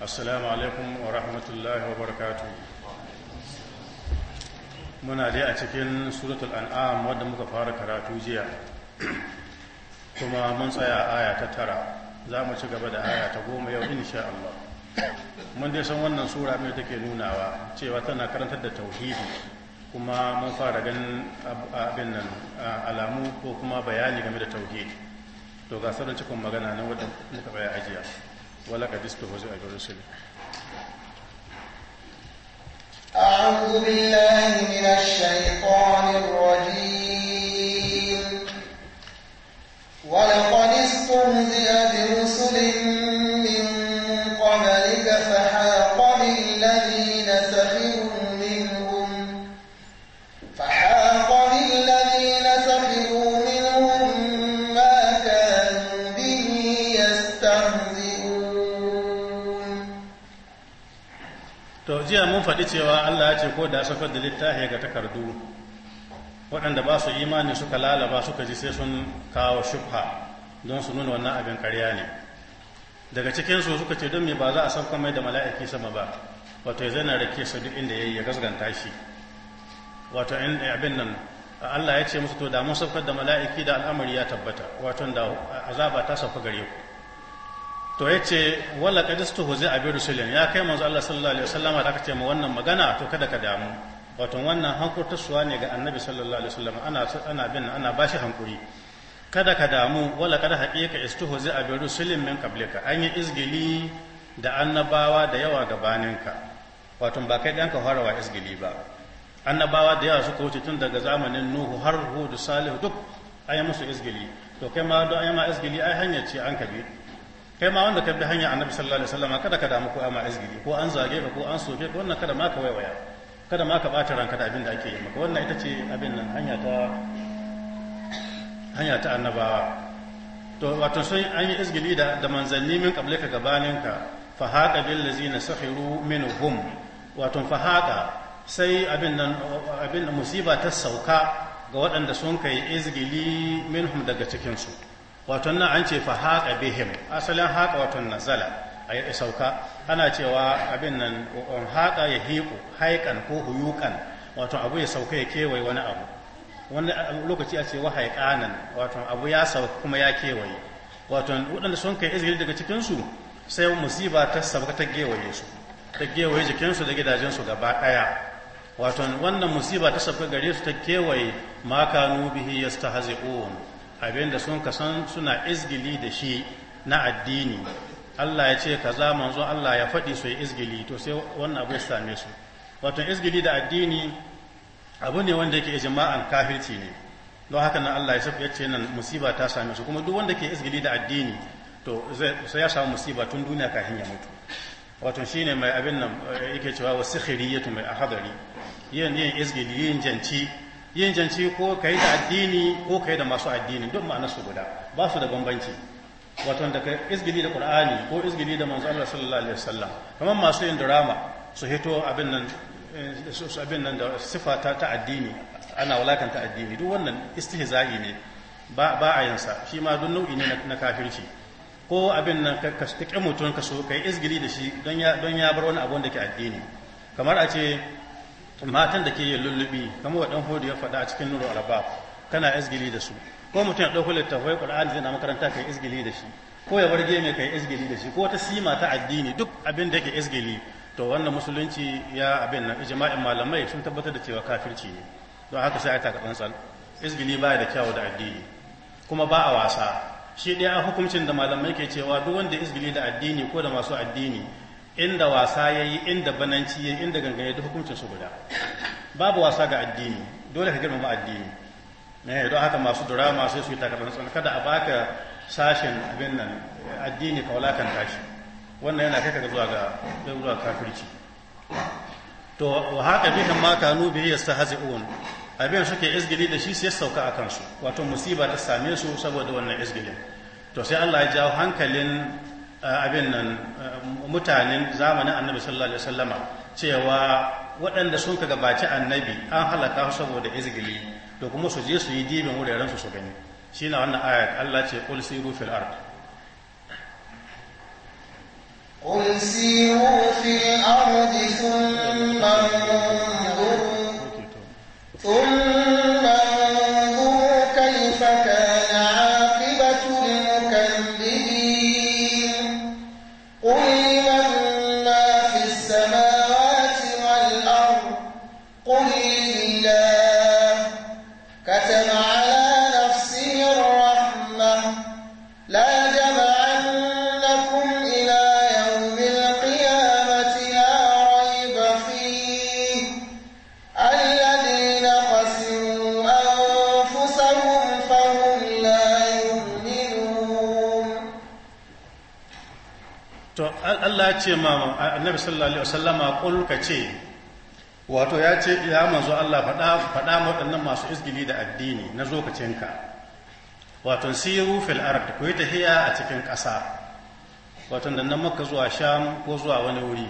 assalamu alaikum wa rahmatullahi wa barakatu muna dai a cikin suratul an'am wadda muka fara karatu jiya kuma mun tsaya aya ta tara za mu ci gaba da aya ta goma yau insha Allah mun dai san wannan sura mai take nunawa cewa tana karantar da tauhidi kuma mun fara ganin abin nan alamu ko kuma bayani game da tauhidi to ga sauran cikin magana na wadda muka baya ajiya wala kadistu hozi a jerusalem أعوذ بالله من الشيطان الرجيم ولقد استهزئ برسل mun faɗi cewa Allah ya ce ko da saukar da littafi ga takardu waɗanda ba su imani suka lalaba suka ji sai sun kawo shubha don su nuna wannan abin karya ne daga cikinsu suka ce don me ba za a sauka mai da mala'iki sama ba wato ya zana rake su duk inda ya yi ya gasganta shi wato in abin nan Allah ya ce musu to da mun saukar da mala'iki da al'amari ya tabbata wato da azaba ta sauka gare ku to ya ce wala ka jistu huzi a biyu rusulun ya kai manzo Allah sallallahu alaihi wasallam da aka ce ma wannan magana to kada ka damu wato wannan suwa ne ga annabi sallallahu alaihi wasallam ana ana bin ana bashi hankuri kada ka damu wala kada haqiqa istuhuzi a biyu rusulun min kablika an yi izgili da annabawa da yawa gabaninka wato ba kai danka harawa izgili ba annabawa da yawa suka wuce tun daga zamanin nuhu har hudu salihu duk an yi musu izgili to kai ma don an yi ma izgili ai hanya ce an kabi kai ma wanda ka bi hanya annabi sallallahu alaihi wasallam kada ka damu ko ama izgiri ko an zage ka ko an soke ka wannan kada ma ka waiwaya kada ma ka bata ranka da abin da ake yi maka wannan ita ce abin nan hanya ta hanya ta annabawa to wato sun an yi izgili da da manzanni min kable ka gabanin ka fa haqa bil ladzina sahiru minhum wato fa haqa sai abin nan abin musiba ta sauka ga waɗanda sun kai izgili minhum daga cikin su wato nan an ce fa haƙa bihim asalin haƙa wato nazala yi sauka ana cewa abin nan on haƙa ya hiqu haikan ko huyukan wato abu ya sauka ya kewaye wani abu wani lokaci a ce wa haiqanan wato abu ya sauka kuma ya kewaye wato waɗanda sun kai izgil daga cikinsu sai musiba ta sauka ta gewaye su ta gewaye jikinsu da gidajensu gaba ɗaya wato wannan musiba ta sauka gare su ta kewaye ma kanu bihi yastahzi'un Abin da sun kasan suna izgili da shi na addini Allah ya ce kaza manzo Allah ya faɗi su yi izgili to sai wannan abu ya same su wato izgili da addini abu ne wanda yake ijma'an kafirci ne don haka nan Allah ya ce nan musiba ta same su kuma duk wanda ke izgili da addini to sai ya samu musiba tun duniya kafin ya mutu wato shine mai abin nan eh, yake cewa wasu khiriyatu mai ahadari yin yin izgili yin janci yin janci ko ka yi da addini ko ka yi da masu addini duk ma'ana su guda ba su da bambanci wato da ka izgili da qur'ani ko izgili da manzo Allah sallallahu alaihi wasallam kamar masu yin drama su hito abin nan eh, su abin nan da sifa ta addini ana walakanta addini duk wannan istihza'i ne ba ba a yin sa shi ma duk nau'i ne na kafirci ko abin nan ka ka mutum ka so kai izgili da shi don ya don ya bar wani abu da ke addini kamar a ce matan da ke yin lullubi kamar wa dan hudu ya faɗa a cikin nuru alaba kana izgili da su ko mutum ya ɗauko littafai qur'ani zai na makaranta kai izgili da shi ko ya bar warge mai kai izgili da shi ko ta sima ta addini duk abin da ke izgili to wannan musulunci ya abin nan ijma'in malamai sun tabbatar da cewa kafirci ne don haka sai ta ɗan tsal izgili baya da kyawu da addini kuma ba a wasa shi ɗaya hukuncin da malamai ke cewa duk wanda izgili da addini ko da masu addini inda wasa ya yi inda bananci ya inda gangane da hukuncin su guda babu wasa ga addini dole ka girmama addini ne eh, don haka masu durama sai su yi takarar kada a baka sashen abin nan addini ka wulakan tashi. wannan yana kai ka zuwa ga zuwa kafirci to haka maka nu sa hazi uwan. abin suke izgili da shi sai sauka a kansu wato musiba ta same su saboda wannan izgilin to sai Allah ya jawo hankalin Eh, abin nan eh, mutanen zamanin annabi sallallahu alaihi wasallama cewa waɗanda sun ka gabaci annabi an halaka su saboda izgili to kuma su je su yi dibin wuraren su su gani shi na wannan ayat Allah ce qul siru fil ard qul siru fil ard thumma ce ma annabi sallallahu alaihi wasallama qul ka ce wato ya ce ya manzo Allah faɗa faɗa waɗannan masu izgili da addini na zokacinka wato siru fil ard ku yi tahiya a cikin ƙasa wato da nan maka zuwa sham ko zuwa wani wuri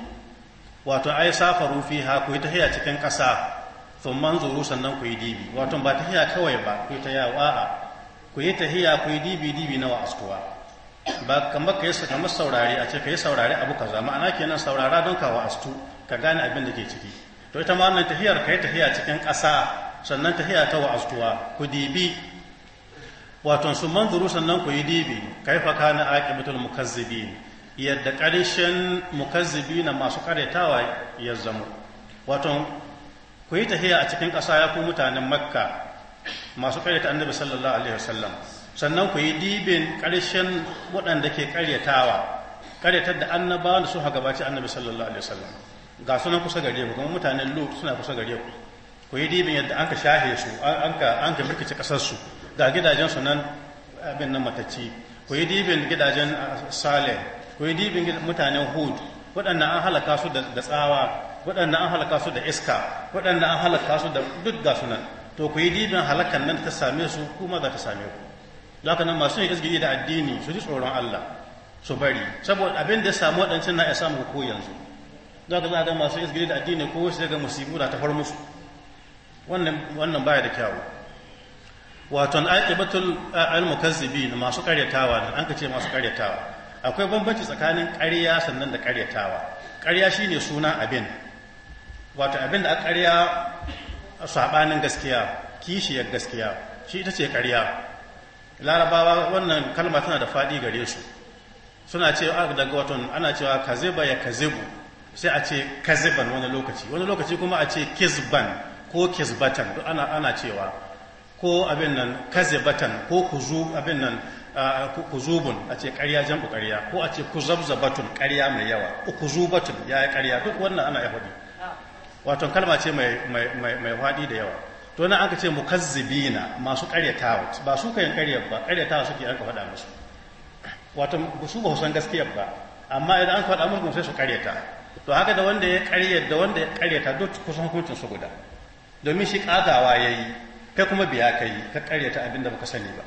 wato ai safaru fiha ku yi tahiya cikin ƙasa sun manzuru sannan ku yi dibi wato ba tahiya kawai ba ku yi ta wa'a ku yi tahiya ku yi dibi dibi na wa'astuwa ba kamar ka yi kamar saurari a ce ka yi saurari abu kaza ma'ana kenan saurara don ka wa'astu ka gane abin da ke ciki to ita ma wannan tafiyar ka yi tafiya cikin ƙasa sannan tafiya ta wa'astuwa ku dibi wato su manzuru sannan ku yi dibi kaifa kana aqibatul mukazzibin yadda ƙarshen na masu karetawa ya zamo wato ku yi tafiya a cikin ƙasa ya ku mutanen makka masu kareta annabi sallallahu alaihi wasallam sannan ku yi dibin ƙarshen waɗanda ke ƙaryatawa ƙaryatar da annabawa da suka gabaci annabi sallallahu alaihi wasallam ga sunan kusa gare ku kuma mutanen lut suna kusa gare ku ku yi dibin yadda anka shahe su anka anka mulkice kasar su ga gidajen su nan abin nan matacci ku yi dibin gidajen saleh ku yi dibin mutanen hud waɗannan an halaka su da tsawa waɗannan an halaka su da iska waɗannan an halaka su da duk ga sunan to ku yi dibin halakan nan ta same su kuma za ta same ku zaka nan masu yin izgiri da addini su ji tsoron Allah su bari saboda abin da ya samu waɗancan na iya samu ko yanzu zaka za ga masu izgiri da addini ko wasu daga musibu da tafar musu wannan baya da kyawu wato aqibatul na masu karyatawa da an kace masu karyatawa akwai bambanci tsakanin ƙarya sannan da karyatawa ƙarya shine suna abin wato abin da a ƙarya sabanin gaskiya kishiyar gaskiya shi ita ce ƙarya larabawa wannan kalma tana da faɗi gare su suna ce ah, daga watan ana cewa kaziba ya kazibu sai a ce kaziban wani lokaci wani lokaci kuma a ce kizban ko kizbatan duk ana ana cewa ko abin nan kazibatan ko kuzu abin ah, kuzubun a ce ƙarya jambu ƙarya ko a ce kuzabzabatun ƙarya mai yawa kuzubatun ya yi ƙarya duk wannan ana ya faɗi. Ah. wato kalma ce mai mai faɗi da yawa to nan aka ce mukazzibina masu tawo ba su kayan karyar ba tawo suke aka faɗa musu wato su ba san gaskiyar ba amma idan an faɗa musu sai su karyata to haka da wanda ya ƙarya, da wanda ya karyata duk kusan hukuncin su guda domin shi ya yayi kai kuma biya kai ka karyata abin da baka sani ba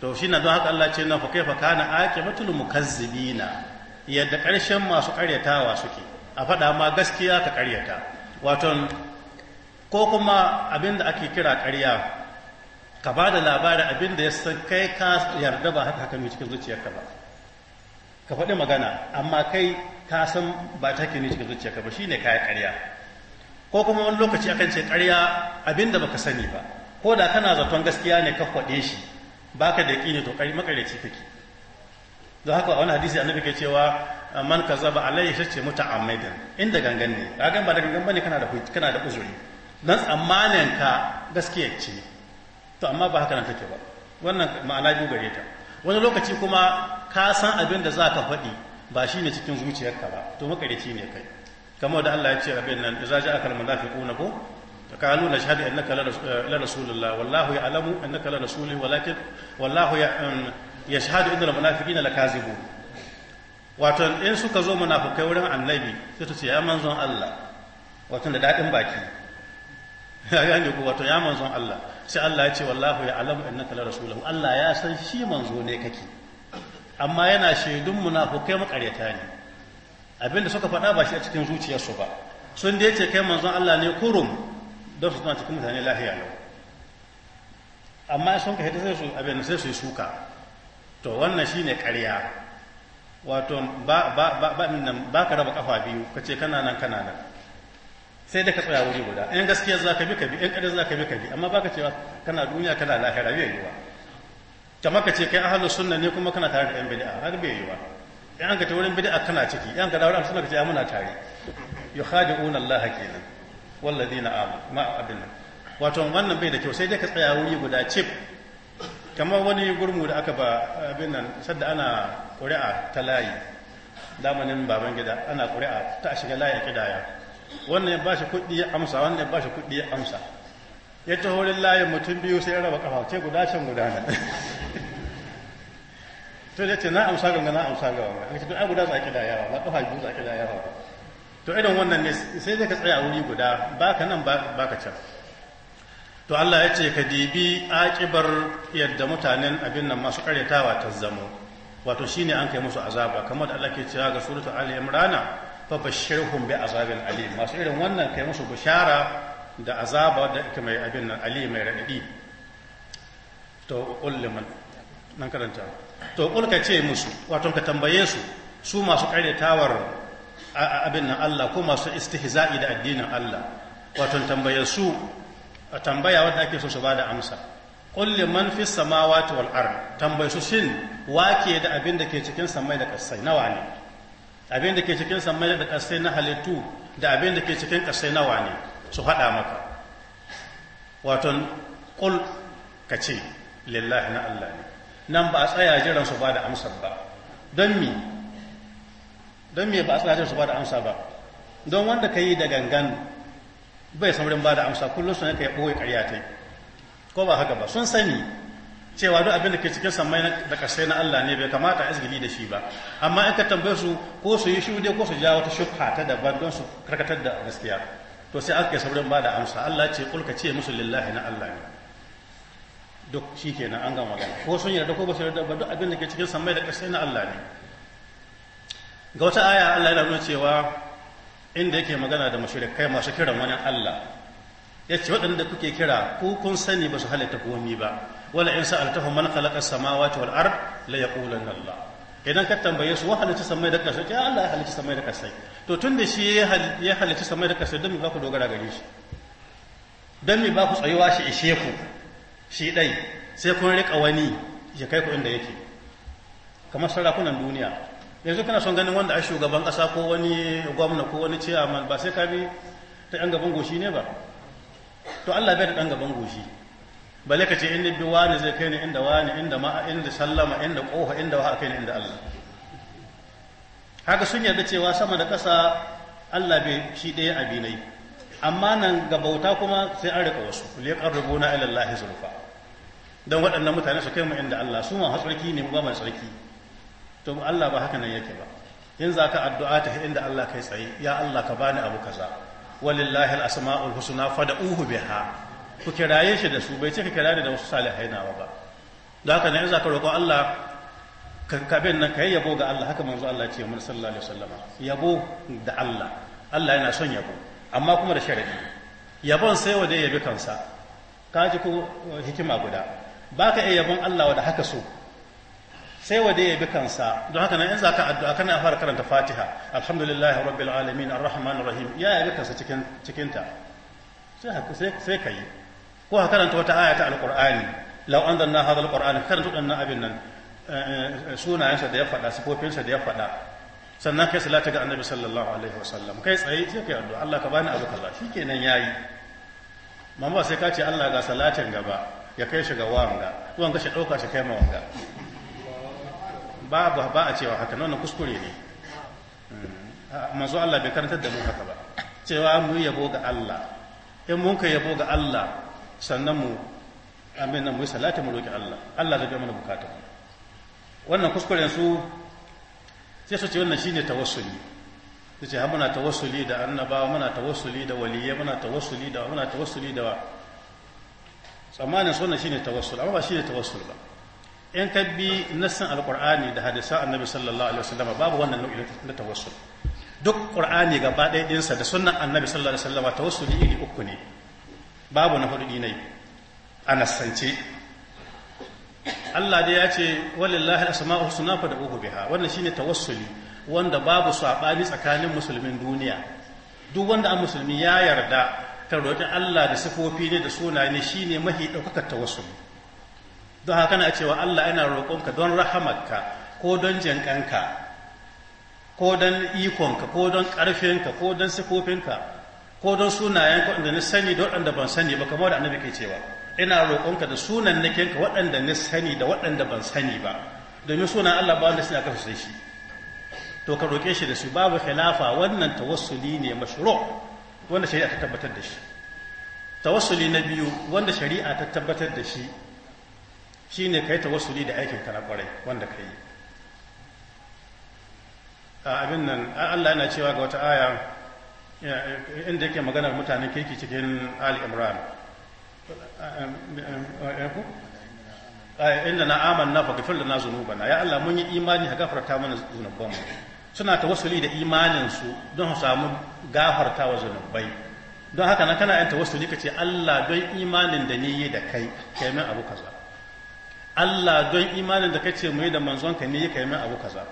to shi na don haka Allah ce na fa kaifa kana aqibatul mukazzibina yadda karshen masu karyatawa suke a faɗa ma gaskiya ka karyata waton ko kuma abin da ake kira karya ka ba da labarin abin da ya san kai ka yarda ba haka haka mai cikin zuciyarka ba ka faɗi magana amma kai ka san ba ta ke ne cikin zuciyarka ba shine kayan ƙarya ko kuma wani lokaci akan ce ƙarya abin da baka sani ba ko da kana zaton gaskiya ne ka faɗe shi baka da yaƙini to ƙari makareci kake don haka wani hadisi annabi ke cewa man kazaba alayhi shace muta'ammidan inda gangan ne gan ba da gangan bane kana da kana da uzuri don tsammanin ka gaskiya ce to amma ba haka nan take ba wannan ma'ana biyu gare ta wani lokaci kuma ka san abin da za ka faɗi ba shi ne cikin zuciyarka ba to makareci ne kai kamar da Allah ya ce abin nan idza ja'aka al-munafiquna ko قالوا نشهد انك لرسول الله والله يعلم انك لرسوله ولكن والله يشهد ان المنافقين لكاذبون wato in suka zo munafikai wurin annabi sai su ce ya manzon Allah wato da dadin baki ya gane wato ya manzon Allah sai Allah ya ce wallahu ya alamu innaka la rasuluhu Allah ya san shi manzo ne kake amma yana shaidun munafukai makaryata ne abinda suka faɗa ba shi a cikin zuciyarsu ba sun da ce kai manzon Allah ne kurum don su tana cikin mutane lahiya lau amma sun ka hita sai su abin sai su yi suka to wannan shine ƙarya wato ba ba ba ba ka raba kafa biyu kace kana nan kana nan sai dai ka tsaya wuri guda ɗan gaskiya za ka bi ka bi ɗan ƙarya za ka bi ka bi amma baka cewa kana duniya kana lahira bai wa? kamar ka ce kai ahlus sunna ne kuma kana tare da ɗan bidi'a har bai yiwa ɗan an ka ta wurin bidi'a kana ciki in an ka dawo ahlus sunna ka ce muna tare yukhadi'una Allah kenan walladhina amanu ma abin wato wannan bai da kyau sai dai ka tsaya wuri guda cif kamar wani gurmu da aka ba abin nan sadda ana ƙuri'a ta layi zamanin baban gida ana ƙuri'a ta a shiga layi a ƙidaya. wannan ya bashi kuɗi ya amsa wannan ya bashi kuɗi ya amsa ya taho layin mutum biyu sai ya raba kafa ce guda can guda nan to ya ce na amsa ganga na amsa ga wani an to ai guda zaki da yawa ba kafa biyu zaki da yawa to irin wannan ne sai zai ka tsaya wuri guda baka nan baka can to Allah ya ce ka dibi aƙibar yadda mutanen abin nan masu karyatawa ta zamo wato shine an kai musu azaba kamar da Allah ke cewa ga suratul ali imrana fa bashirhum bi azabin alim masu irin wannan kai musu bishara da azaba da ake mai abin nan ali mai radadi to ulliman nan karanta to kul ka ce musu wato ka tambaye su su masu karyatawar abin nan Allah ko masu istihza'i da addinin Allah wato tambaye su a tambaya wanda ake so su ba da amsa kulli man fi samawati wal ard tambaye su shin wake da abin da ke cikin samai da kasai nawa ne abin da ke cikin samai da ƙasai na halittu da abin da ke cikin ƙasai na wane su haɗa maka waton ƙul ka ce lillahi na Allah ne nan ba a tsaya jiran su ba da amsa ba don mi don mi ba a tsaya jiran su ba da amsa ba don wanda ka yi da gangan bai saurin ba da amsa kullum su ne ka yi ɓoye ƙarya ta ko ba haka ba sun sani cewa duk abin da ke cikin samai da kasa na Allah ne bai kamata izgili da shi ba amma in ka tambaye su ko su yi shude ko su ja wata shubha ta daban don su karkatar da gaskiya to sai aka saurin ba da amsa Allah ce kulka ce musu lillahi na Allah ne duk shikenan an gama magana ko sun yarda ko ba su yarda ba duk abin da ke cikin samai da kasa na Allah ne ga wata aya Allah yana nuna cewa inda yake magana da mushrikai masu kiran wani Allah ya ce waɗanda kuke kira ko kun sani ba su halitta komi ba wala in sa'altahum man khalaqa as-samawati wal ard la yaqulanna Allah idan ka tambaye su wahala halitta samai da kasai ya Allah ya halitta samai da kasai to tun da shi ya halitta samai da kasai don me ba ku dogara gare shi don me ba ku tsayuwa shi ishe ku shi dai sai kun rika wani ya kai ku inda yake kamar sarakunan duniya yanzu kana son ganin wanda a shugaban kasa ko wani gwamna ko wani ciyaman ba sai ka bi ta yan gaban goshi ne ba to Allah bai da dan gaban goshi bale ka ce in bi wani zai kai ni inda wani inda ma inda sallama inda kofa inda wa kai ni inda Allah haka sun yarda cewa sama da ƙasa Allah bai shi ɗaya abinai amma nan ga bauta kuma sai an rika wasu liqarrabuna ila Allah zulfa dan waɗannan mutane su kai mu inda Allah su ma hatsarki ne ba mai tsarki to Allah ba haka nan yake ba in za ka addu'a ta inda Allah kai tsaye ya Allah ka bani abu kaza walillahi al-asma'ul husna fad'uhu biha ku kiraye shi da su bai cika kirari da wasu salihai nawa ba da haka ne za ka roƙo Allah ka kankabin nan ka yi yabo ga Allah haka manzo Allah ce mun sallallahu alaihi wasallam yabo da Allah Allah yana son yabo amma kuma da sharadi yabon sai wa da yabi kansa ka ji ko hikima guda baka iya yabon Allah wa da haka so sai wa da yabi kansa don haka nan in ka addu'a kana fara karanta Fatiha alhamdulillahi rabbil alamin arrahmanir rahim ya yabi kansa cikin cikin ta sai sai kai ko ka karanta wata aya ta alqur'ani law anzalna hadha alqur'ana karanta wadannan abin nan eh, sunayensa da ya faɗa sifofinsa da ya faɗa sannan kai salata ga annabi sallallahu alaihi wasallam kai tsaye sai kai addu'a Allah ka bani abu kaza shikenan yayi mamba sai ka ce Allah ga salatin gaba ya kai shi ga wanga tuwon ka shi ɗauka shi kai ma wanga babu ba a cewa haka nan kuskure ne eh, manzo Allah bai karantar da mu haka ba cewa mu yabo ga Allah in mun ka yabo ga Allah sannan mu amin nan mu yi salati mu roƙi Allah Allah zai biya mana bukata wannan kuskuren su sai su ce wannan shine tawassuli su ce muna tawassuli da annabawa muna tawassuli da waliyya muna tawassuli da muna tawassuli da tsammanin sunan shine tawassul amma ba shine tawassul ba in ka bi nassan alqur'ani da hadisan annabi sallallahu alaihi wasallam babu wannan nau'i na tawassul duk qur'ani gaba ɗaya ɗinsa da sunnan annabi sallallahu alaihi wasallam tawassuli iri uku ne babu na hudu dinai a nassance Allah dai ya ce walillahi asma'u husna fa da uku biha wannan shine tawassuli wanda babu sabani tsakanin musulmin duniya duk wanda a musulmi ya yarda ka roƙi Allah da sifofi ne da sunaye ne shine mahi ɗaukakar tawassuli don haka na cewa Allah yana roƙonka don rahamarka ko don jinkanka ko don ikonka ko don ƙarfinka ko don sifofinka ko don sunayen waɗanda ni sani da waɗanda ban sani ba kamar da annabi ke cewa ina roƙonka da sunan nakenka waɗanda ni sani da waɗanda ban sani ba domin sunan Allah ba wanda suna kafa sai shi to ka roƙe shi da su babu khilafa wannan tawassuli ne mashru wanda shari'a ta tabbatar da shi tawassuli na biyu wanda shari'a ta tabbatar da shi shine kai tawassuli da aikin ka na kwarai wanda kai abin nan Allah yana cewa ga wata aya inda yake maganar mutanen kirki cikin ali imran inda na aman na fagafir da na zunubana ya Allah mun yi imani ha gafarta mana mu. suna ta wasuli da imaninsu don su samu gafarta wa zunubai don haka nan kana yanta wasuli ka ce Allah don imanin da ni yi da kai kai min abu kaza Allah don imanin da kace mu yi da manzon ka ne yi kai min abu kaza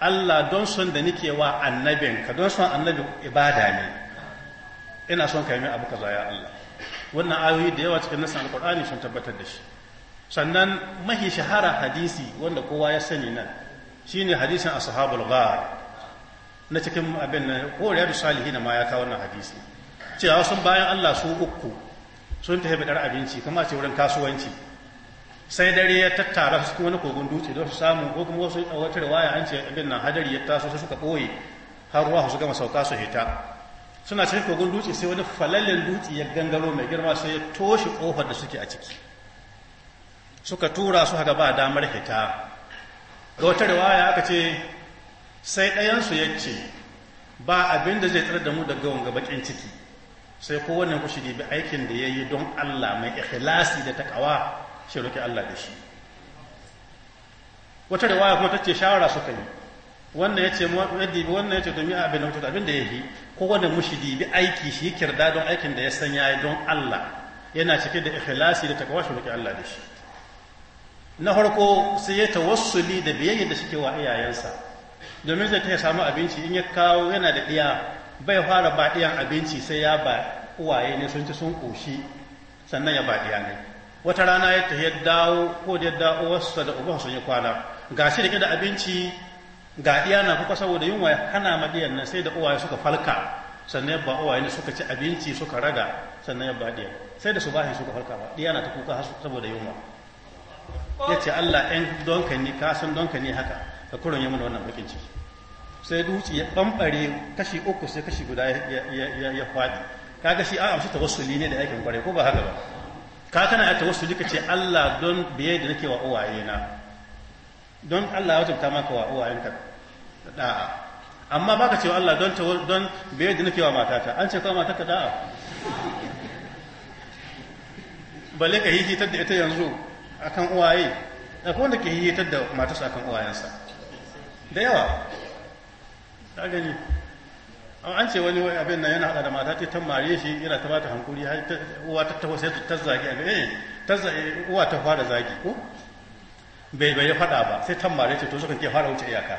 Allah don son da nake wa annabinka don son annabi ibada ne ina son ka yi min abu kaza ya Allah wannan ayoyi da yawa cikin nasan alqur'ani sun tabbatar da shi sannan mahi shahara hadisi wanda kowa ya sani nan shine hadisin ashabul ghar na cikin abin nan ko riyadu salihin ma ya kawo wannan hadisi cewa sun bayan Allah su uku sun tafi abinci kuma ce wurin kasuwanci sai dare ya tattara su wani kogon dutse don su samu ko kuma wasu wata riwaya an ce abin nan hadari ya taso sai suka ɓoye har ruwa su gama sauka su hita suna cikin kogon dutse sai wani falallen dutse ya gangaro mai girma sai ya toshe ƙofar da suke a ciki suka tura su haka ba damar hita ga wata riwaya aka ce sai ɗayansu ya ce ba abin da zai tsar da mu daga wanga bakin ciki sai kowane ku shige bi aikin da ya yi don Allah mai ikhlasi da takawa shi Allah da shi wata riwaya kuma tace shawara suka yi wannan yace mu dibi wannan yace to mi abin nan abin da yake ko wannan mushi dibi aiki shi kirda don aikin da ya san yayi don Allah yana cike da ikhlasi da takwa shi Allah da shi na farko sai ya tawassuli da biyayya da shike wa iyayensa domin zai ta samu abinci in ya kawo yana da ɗiya bai fara ba abinci sai ya ba uwaye ne sun ci sun koshi sannan ya ba diya ne wata rana ya tafi dawo ko da ya dawo wasu da uban sun yi kwana ga shi da abinci ga iya na kuka saboda yunwa hana madiyan nan sai da uwaye suka falka sannan yabba uwaye ne suka ci abinci suka raga sannan yabba diyan sai da su bahin suka falka ba diya na ta kuka saboda yunwa ya ce Allah yan donka ne ka san donka ne haka ka kurin yi mana wannan bakin ciki sai duci ya bambare kashi uku sai kashi guda ya faɗi kaga shi a amshi tawassuli ne da aikin kwarai ko ba haka ba ka kana a tawassu ka ce Allah don biye da nake wa uwaye na don Allah ya wajabta maka wa uwayenka da'a amma baka cewa Allah don don biye da nake wa matata an ce kawai matata da'a balle ka hihitar da ita yanzu akan uwaye akwai wanda ke hihitar da matarsa akan uwayensa da yawa ta gani an ce wani abin nan yana hada da mata ta mare shi yana ta bata hankuri har uwa ta taho sai ta zagi a eh ta uwa ta fara zagi ko bai bai fada ba sai ta mare ce to sukan ke fara wuce iyaka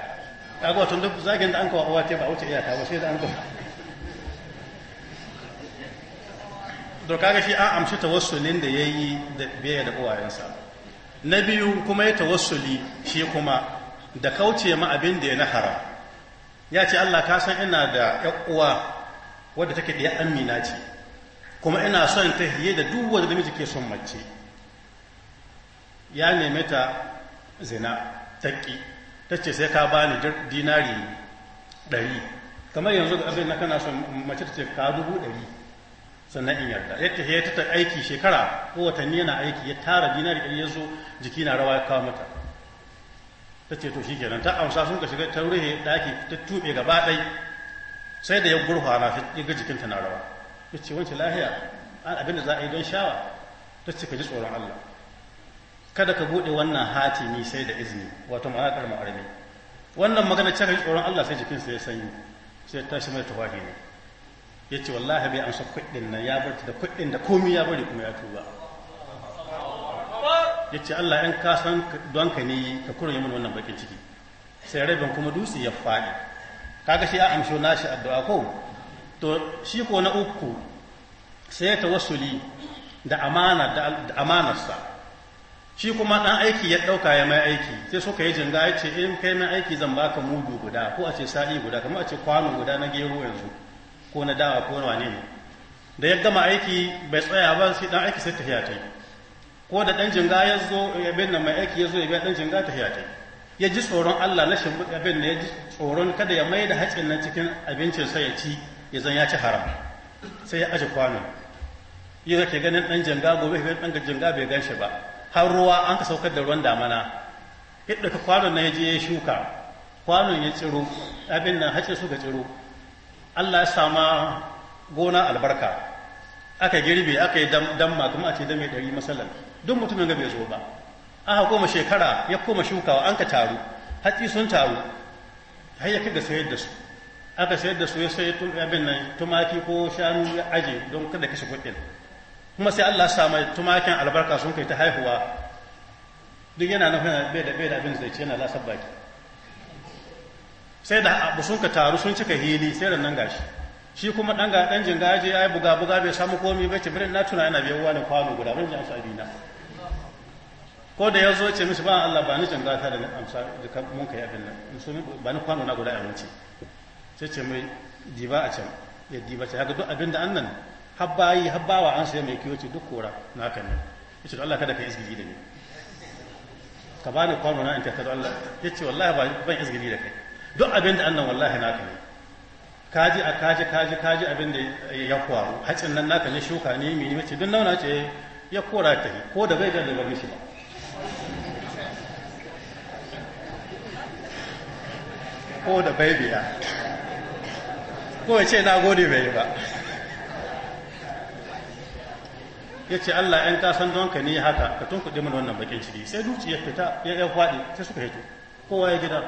kaga wato duk zagin da an kawo uwa ce ba wuce iyaka ba sai da an kawo to kaga shi an amshi tawassulin da yayi da biyayya da uwayensa na biyu kuma ya tawassuli shi kuma da kauce ma abin da ya na haram ya ce Allah ka san ina da ƴan uwa wadda take da amina ce kuma ina son ta hiye da duk wanda namiji ke son mace ya neme ta zina taƙi ta ce sai ka bani dinari ɗari kamar yanzu da abin na kana son mace ta ce ka dubu ɗari sannan in yarda ya ta hiye ta aiki shekara ko watanni yana aiki ya tara dinari ɗari ya zo jiki na rawa ya kawo mata ta ce to shikenan ta amsa sun ka shiga ta ruhe daki ta tube gaba ɗai sai da ya gurfana ya ga jikinta na rawa ya ce wancan lahiya an abin da za a yi don shawa ta ce ka ji tsoron Allah kada ka buɗe wannan hatimi sai da izini wato ma'ana ma'arami wannan magana ce ka ji tsoron Allah sai jikinsa ya sanyi sai ta shi mai tawahi ne ya ce wallahi bai amsa kuɗin nan ya bar da kuɗin da komi ya bari kuma ya tuba ya ce Allah ‘yan kasan don ka ne ka kura yi mun wannan bakin ciki sai rabin kuma dutse ya faɗi kaga shi a amsho nashi addu'a ko to shi ko na uku sai ta wasuli da amana da amanarsa shi kuma ɗan aiki ya ɗauka ya mai aiki sai suka yi jinga ya ce in kai mai aiki zan baka mudu guda ko a ce sa'i guda kamar a ce kwano guda na gero yanzu ko na dawa ko na wane ne da ya gama aiki bai tsaya ba sai ɗan aiki sai tafiya ta yi ko da ɗan jinga ya zo abin nan mai aiki ya zo ya biya ɗan jinga ta hiyata ya ji tsoron Allah na shin abin ne ya ji tsoron kada ya mai da hatsin nan cikin abincin sai ya ci ya zan ya ci haram sai ya aje kwano yi zake ganin ɗan jinga gobe ya ɗan jinga bai gan shi ba har ruwa an ka saukar da ruwan damana yadda ka kwanon na ya je ya shuka kwanon ya tsiro abin nan hatsin suka tsiro Allah ya sama gona albarka aka girbe aka yi damma kuma a ce dame ɗari masalan duk mutumin ga bai zo ba aka koma shekara ya koma shukawa an ka taru hatsi sun taru har ya da sayar da su aka sayar da su ya sai abin nan tumaki ko shanu ya aje don kada kashe kuɗin kuma sai Allah sa mai tumakin albarka sun kai ta haihuwa duk yana nufin bai da bai da abin zai ce yana lasar baki sai da abu sun ka taru sun cika hili sai da nan gashi shi kuma ɗan ga dan jingaje ai buga-buga bai samu komi bai ce birin na tuna yana biyar wani kwano guda ban ji amsa abina ko da ya zo ce mishi ba Allah ba ni can gata da amsa duka mun kai abin nan so ba ni kwano na guda a wuce sai ce mai diba a can ya diba ce haka duk abin da annan habba yi wa an sai mai ce duk kora na kan nan yace Allah kada ka isgiri da ni ka bani kwano na in ta tada Allah yace wallahi ba ban isgiri da kai duk abin da annan wallahi na kan kaji a kaji kaji kaji abin da ya kwaro hacin nan naka ne shuka ne mini mace duk nauna ce ya kora ta ko da bai da daga mishi ba ko da baibiya ko ya ce na gode bai yi ba ya ce Allah ‘yan kasan don ka ni haka ka tun kuɗi mana wannan bakin ciki sai duci ya fita ya ‘yan faɗi sai suka hito kowa ya gida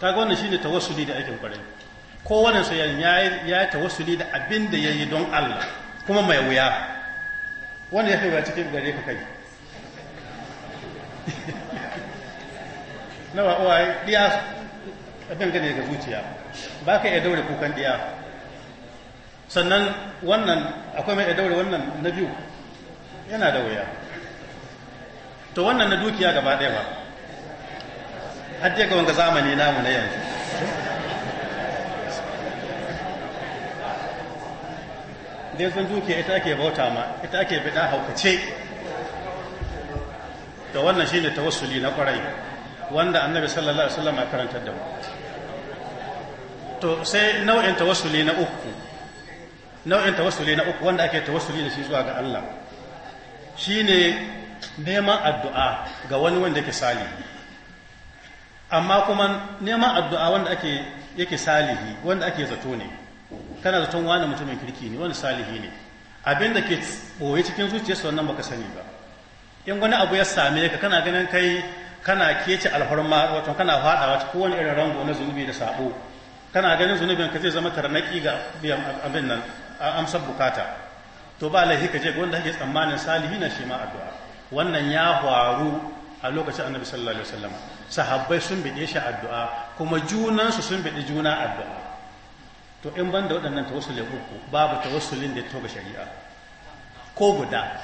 ta ga wannan shine tawassuli da aikin kwarai kowane su ya yi tawassuli da abin da ya yi don Allah kuma mai wuya wanda ya kai cikin gare ka kai nawa uwaye Ya. ka dangane ga zuciya ba ka iya daure kukan ɗiya sannan wannan akwai mai iya daure wannan na biyu yana da wuya to wannan na dukiya gaba ɗaya ba har ga wanga zamani namu na yanzu dai sun dukiya ita ake bauta ma ita ake bida haukace da wannan shine tawassuli na kwarai wanda annabi sallallahu alaihi wasallam ya karantar da mu to sai nau'in tawassuli na uku nau'in tawassuli na uku wanda ake tawassuli da shi zuwa ga Allah shine neman addu'a ga wani wanda yake salihi amma kuma neman addu'a wanda ake yake salihi wanda ake zato ne kana zaton wani mutumin kirki ne wani salihi ne abinda ke boye cikin zuciyarsa wannan baka sani ba in wani abu ya same ka kana ganin kai kana kece alhorma wato kana faɗawa cikin wani irin rango na zunubi da sabo kana ganin zunubin ka zai zama tarnaki ga biyan abin nan a amsar bukata to ba laifi ka je ga wanda ake tsammanin salihi na shi ma addu'a wannan ya faru a lokacin annabi sallallahu alaihi wasallam sahabbai sun bide shi addu'a kuma junansu sun bide juna addu'a to in ban da waɗannan tawassulin uku babu tawassulin da ya toga shari'a ko guda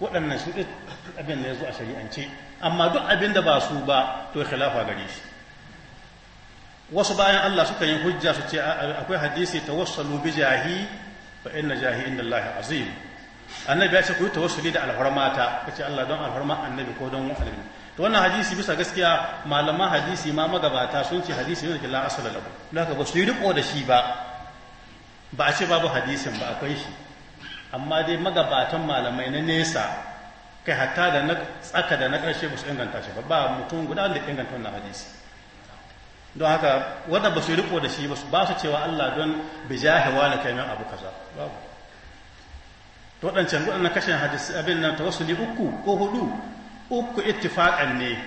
waɗannan su abin da ya zo a shari'ance amma duk abin da ba su ba to khilafa gare shi wasu bayan Allah suka yi hujja su ce akwai hadisi wasu bi jahi fa inna jahi inda Allah azim annabi ya ce ku yi wasu da alhormata kace Allah don alhorma annabi ko don annabi to wannan hadisi bisa gaskiya malaman hadisi ma magabata sun ce hadisi ne da la asala lahu laka ba su yi riko da shi ba ba a ce babu hadisin ba akwai shi amma dai magabatan malamai na nesa kai hatta da na tsaka da na karshe ba su inganta shi ba ba mutum guda da inganta wannan hadisi don haka wadda ba su riko da shi ba su cewa Allah don bi jahewa na kai min abu kaza babu to wadancan kashin hadisi abin nan tawassuli uku ko hudu uku ittifaqan ne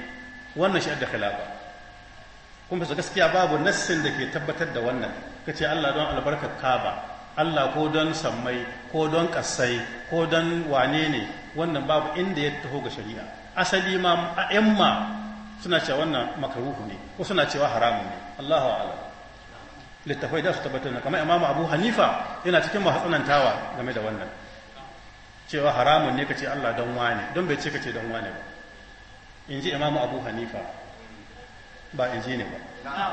wannan shi da laba. kuma su gaskiya babu nassin da ke tabbatar da wannan kace Allah don albarkar kaba Allah ko don sammai ko don kasai ko don wane ne wannan babu inda ya taho ga shari'a asali ma a'imma suna cewa wannan makaruhu ne ko suna cewa haramun ne Allahu a'lam littafai da su tabbatar da kamar imamu abu hanifa yana cikin masu tsanantawa game da wannan cewa haramun ne kace Allah don wane don bai ce kace don wane ba in ji imamu abu hanifa ba in ji ne ba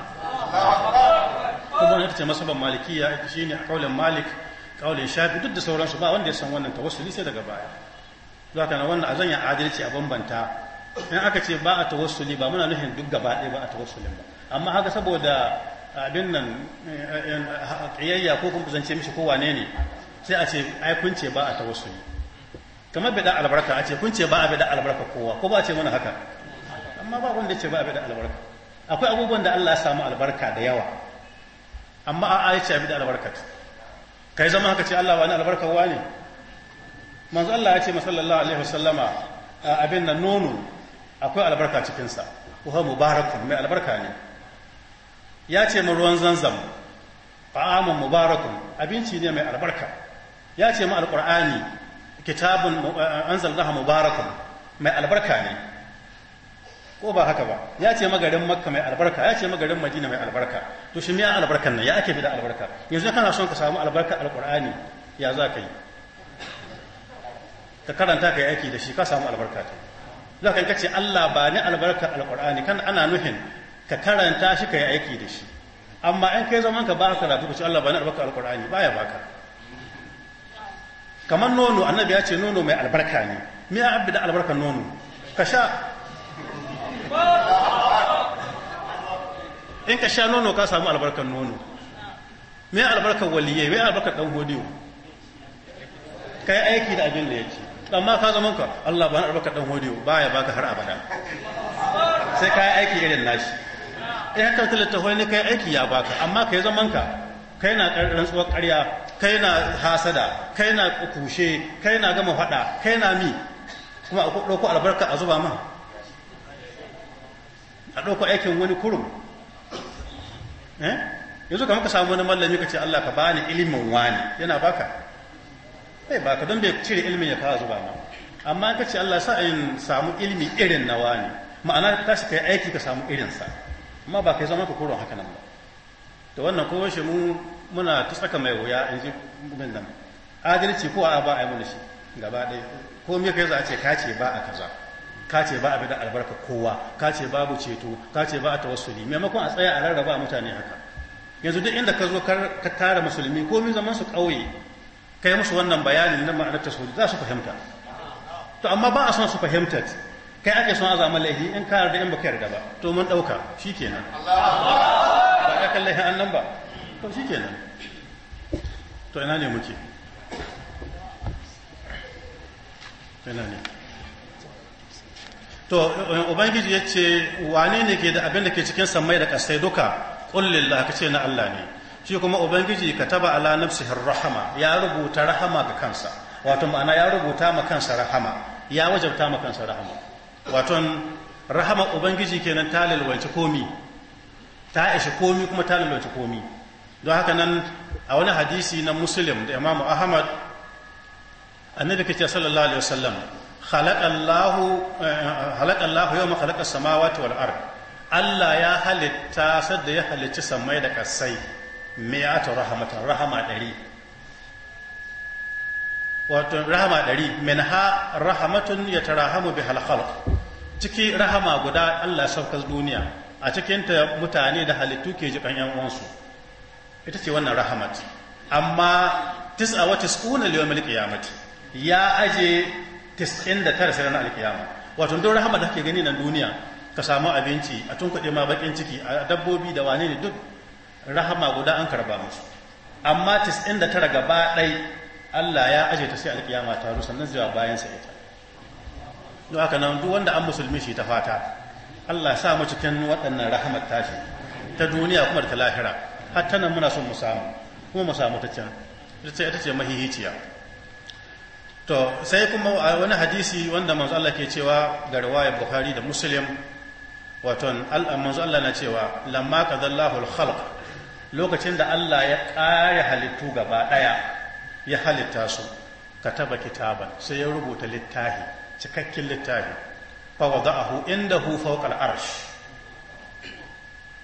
kuma na kace masu masaban malikiya shine a kaulin malik kaulin shafi duk da sauransu ba wanda ya san wannan tawassuli sai daga baya zaka na wannan a zanya adalci a bambanta in aka ce ba a tawassuli ba muna nufin duk gaba ɗaya ba a tawassulin ba amma haka saboda abin nan eh, eh, ƙiyayya ko kuma zance mishi ko wane ne sai a ce ai kun ce ba a tawassuli kamar bai da albarka a ce kun ce ba a bai da albarka kowa ko ba a ce mana haka amma ba wanda ce ba a bai da albarka akwai abubuwan da Allah ya samu albarka da yawa amma a a ce a bai da albarka kai zama haka ce Allah wani albarka ne? manzo Allah ya ce masallallahu alaihi wasallama abin nan nono akwai albarka cikinsa wa mubarakun mai albarka ne ya ce mu ruwan zanzam fa'amun mubarakun abinci ne mai albarka ya ce mu alqur'ani kitabun eh, anzalnahu mubarakun mai albarka ne ko ba haka ba ya ce magarin makka mai albarka ya ce magarin madina mai albarka to shi miya albarkan nan ya ake bi da albarka yanzu kana son ka samu albarka alqur'ani ya za ka yi ka karanta ka yi aiki da shi ka samu albarka ta za ka ce Allah ba ni albarkar alqur'ani kan ana nuhin ka karanta shi ka yi aiki da shi amma in kai zaman ka ba karatu ka ce Allah ba ni albarkar alqur'ani ya baka kamar nono annabi ya ce nono mai albarka ne me ya abda albarkar nono ka sha in ka sha nono ka samu albarkar nono me albarkar waliye me albarkar dan godiyo kai aiki da abin da ya amma ka zama ka Allah ba na arbaka dan hodiyo ya baka har abada sai ka yi aiki irin nashi in tattala ta littafai kai aiki ya baka amma kai zaman ka kai na rantsuwar ƙarya kai na hasada kai na kushe kai na gama faɗa kai na mi kuma a ɗauko albarka a zuba ma a ɗauko aikin wani kurum eh? yanzu kamar ka samu wani mallami ka ce Allah ka bani ilimin wani yana baka ba ka don bai cire ilmin ya kawo zuba ma amma ka ce Allah sa in samu ilmi irin na wani ma'ana ta shi kai aiki ka samu irinsa amma ba kai zama ka koron haka nan ba to wannan ko shi mu muna ta tsaka mai wuya in ji mun nan adalci ko a ba a yi mana shi gaba ɗaya ko me kai za a ce ka ce ba a kaza ka ce ba a bi da albarka kowa ka ce babu ceto ka ce ba a tawassuli maimakon a tsaya a rarraba mutane haka yanzu duk inda ka zo ka tara musulmi komi zaman su ƙauye kai musu wannan bayanin na ma'anar tasawuf za su fahimta to amma ba a son su fahimta kai ake son azama laifi in ka yarda in baka yarda ba to mun dauka shikenan ba ka kalle annan ba to shikenan to ina ne muke ina ne to ubangiji ya ce wane ne ke da abin da ke cikin samai da kasai duka kullillah ka ce na Allah ne shi kuma ubangiji ka kataba ala nafsihi rahama ya rubuta rahama ga kansa wato ma'ana ya rubuta ma kansa rahama ya wajabta ma kansa rahama wato rahama ubangiji kenan ta lalwanci komi ta ishi komi kuma ta lalwanci komi don haka nan a wani hadisi na muslim da imamu ahmad annabi kace sallallahu alaihi wasallam khalaqa eh, allahu yawma khalaqa samawati wal ard Allah ya halitta sadda ya halicci samai da kasai mi'atu rahmatan rahama ɗari wato rahama ɗari min ha rahamatun ya ta tarahamu bi halkhalq ciki rahama guda Allah saukar duniya a cikinta mutane da halittu ke ji yan uwansu ita ce wannan rahamat amma tis'a wa tis'una liyawm alqiyamati ya aje 99 sai alqiyama wato don rahama da kake gani nan duniya ka samu abinci a tun kuɗi ma bakin ciki a dabbobi da wane ne duk rahama guda an karba musu amma 99 gaba ɗai Allah ya aje ta sai alkiyama ta rusa nan zuwa bayan sa ita don haka nan duk wanda an musulmi shi ta fata Allah sa mu cikin waɗannan rahamar tashi ta duniya kuma da ta lahira hatta nan muna son mu samu kuma mu samu ta can ita ce mahihiciya to sai kuma wani hadisi wanda manzo Allah ke cewa ga riwayar Bukhari da Muslim waton manzo Allah na cewa lamma qadallahu al-khalq lokacin da Allah ya ƙare halittu gaba ɗaya ya halitta su ka taba kitaban sai ya rubuta littafi cikakken littafi fa wada'ahu indahu fawqa al-arsh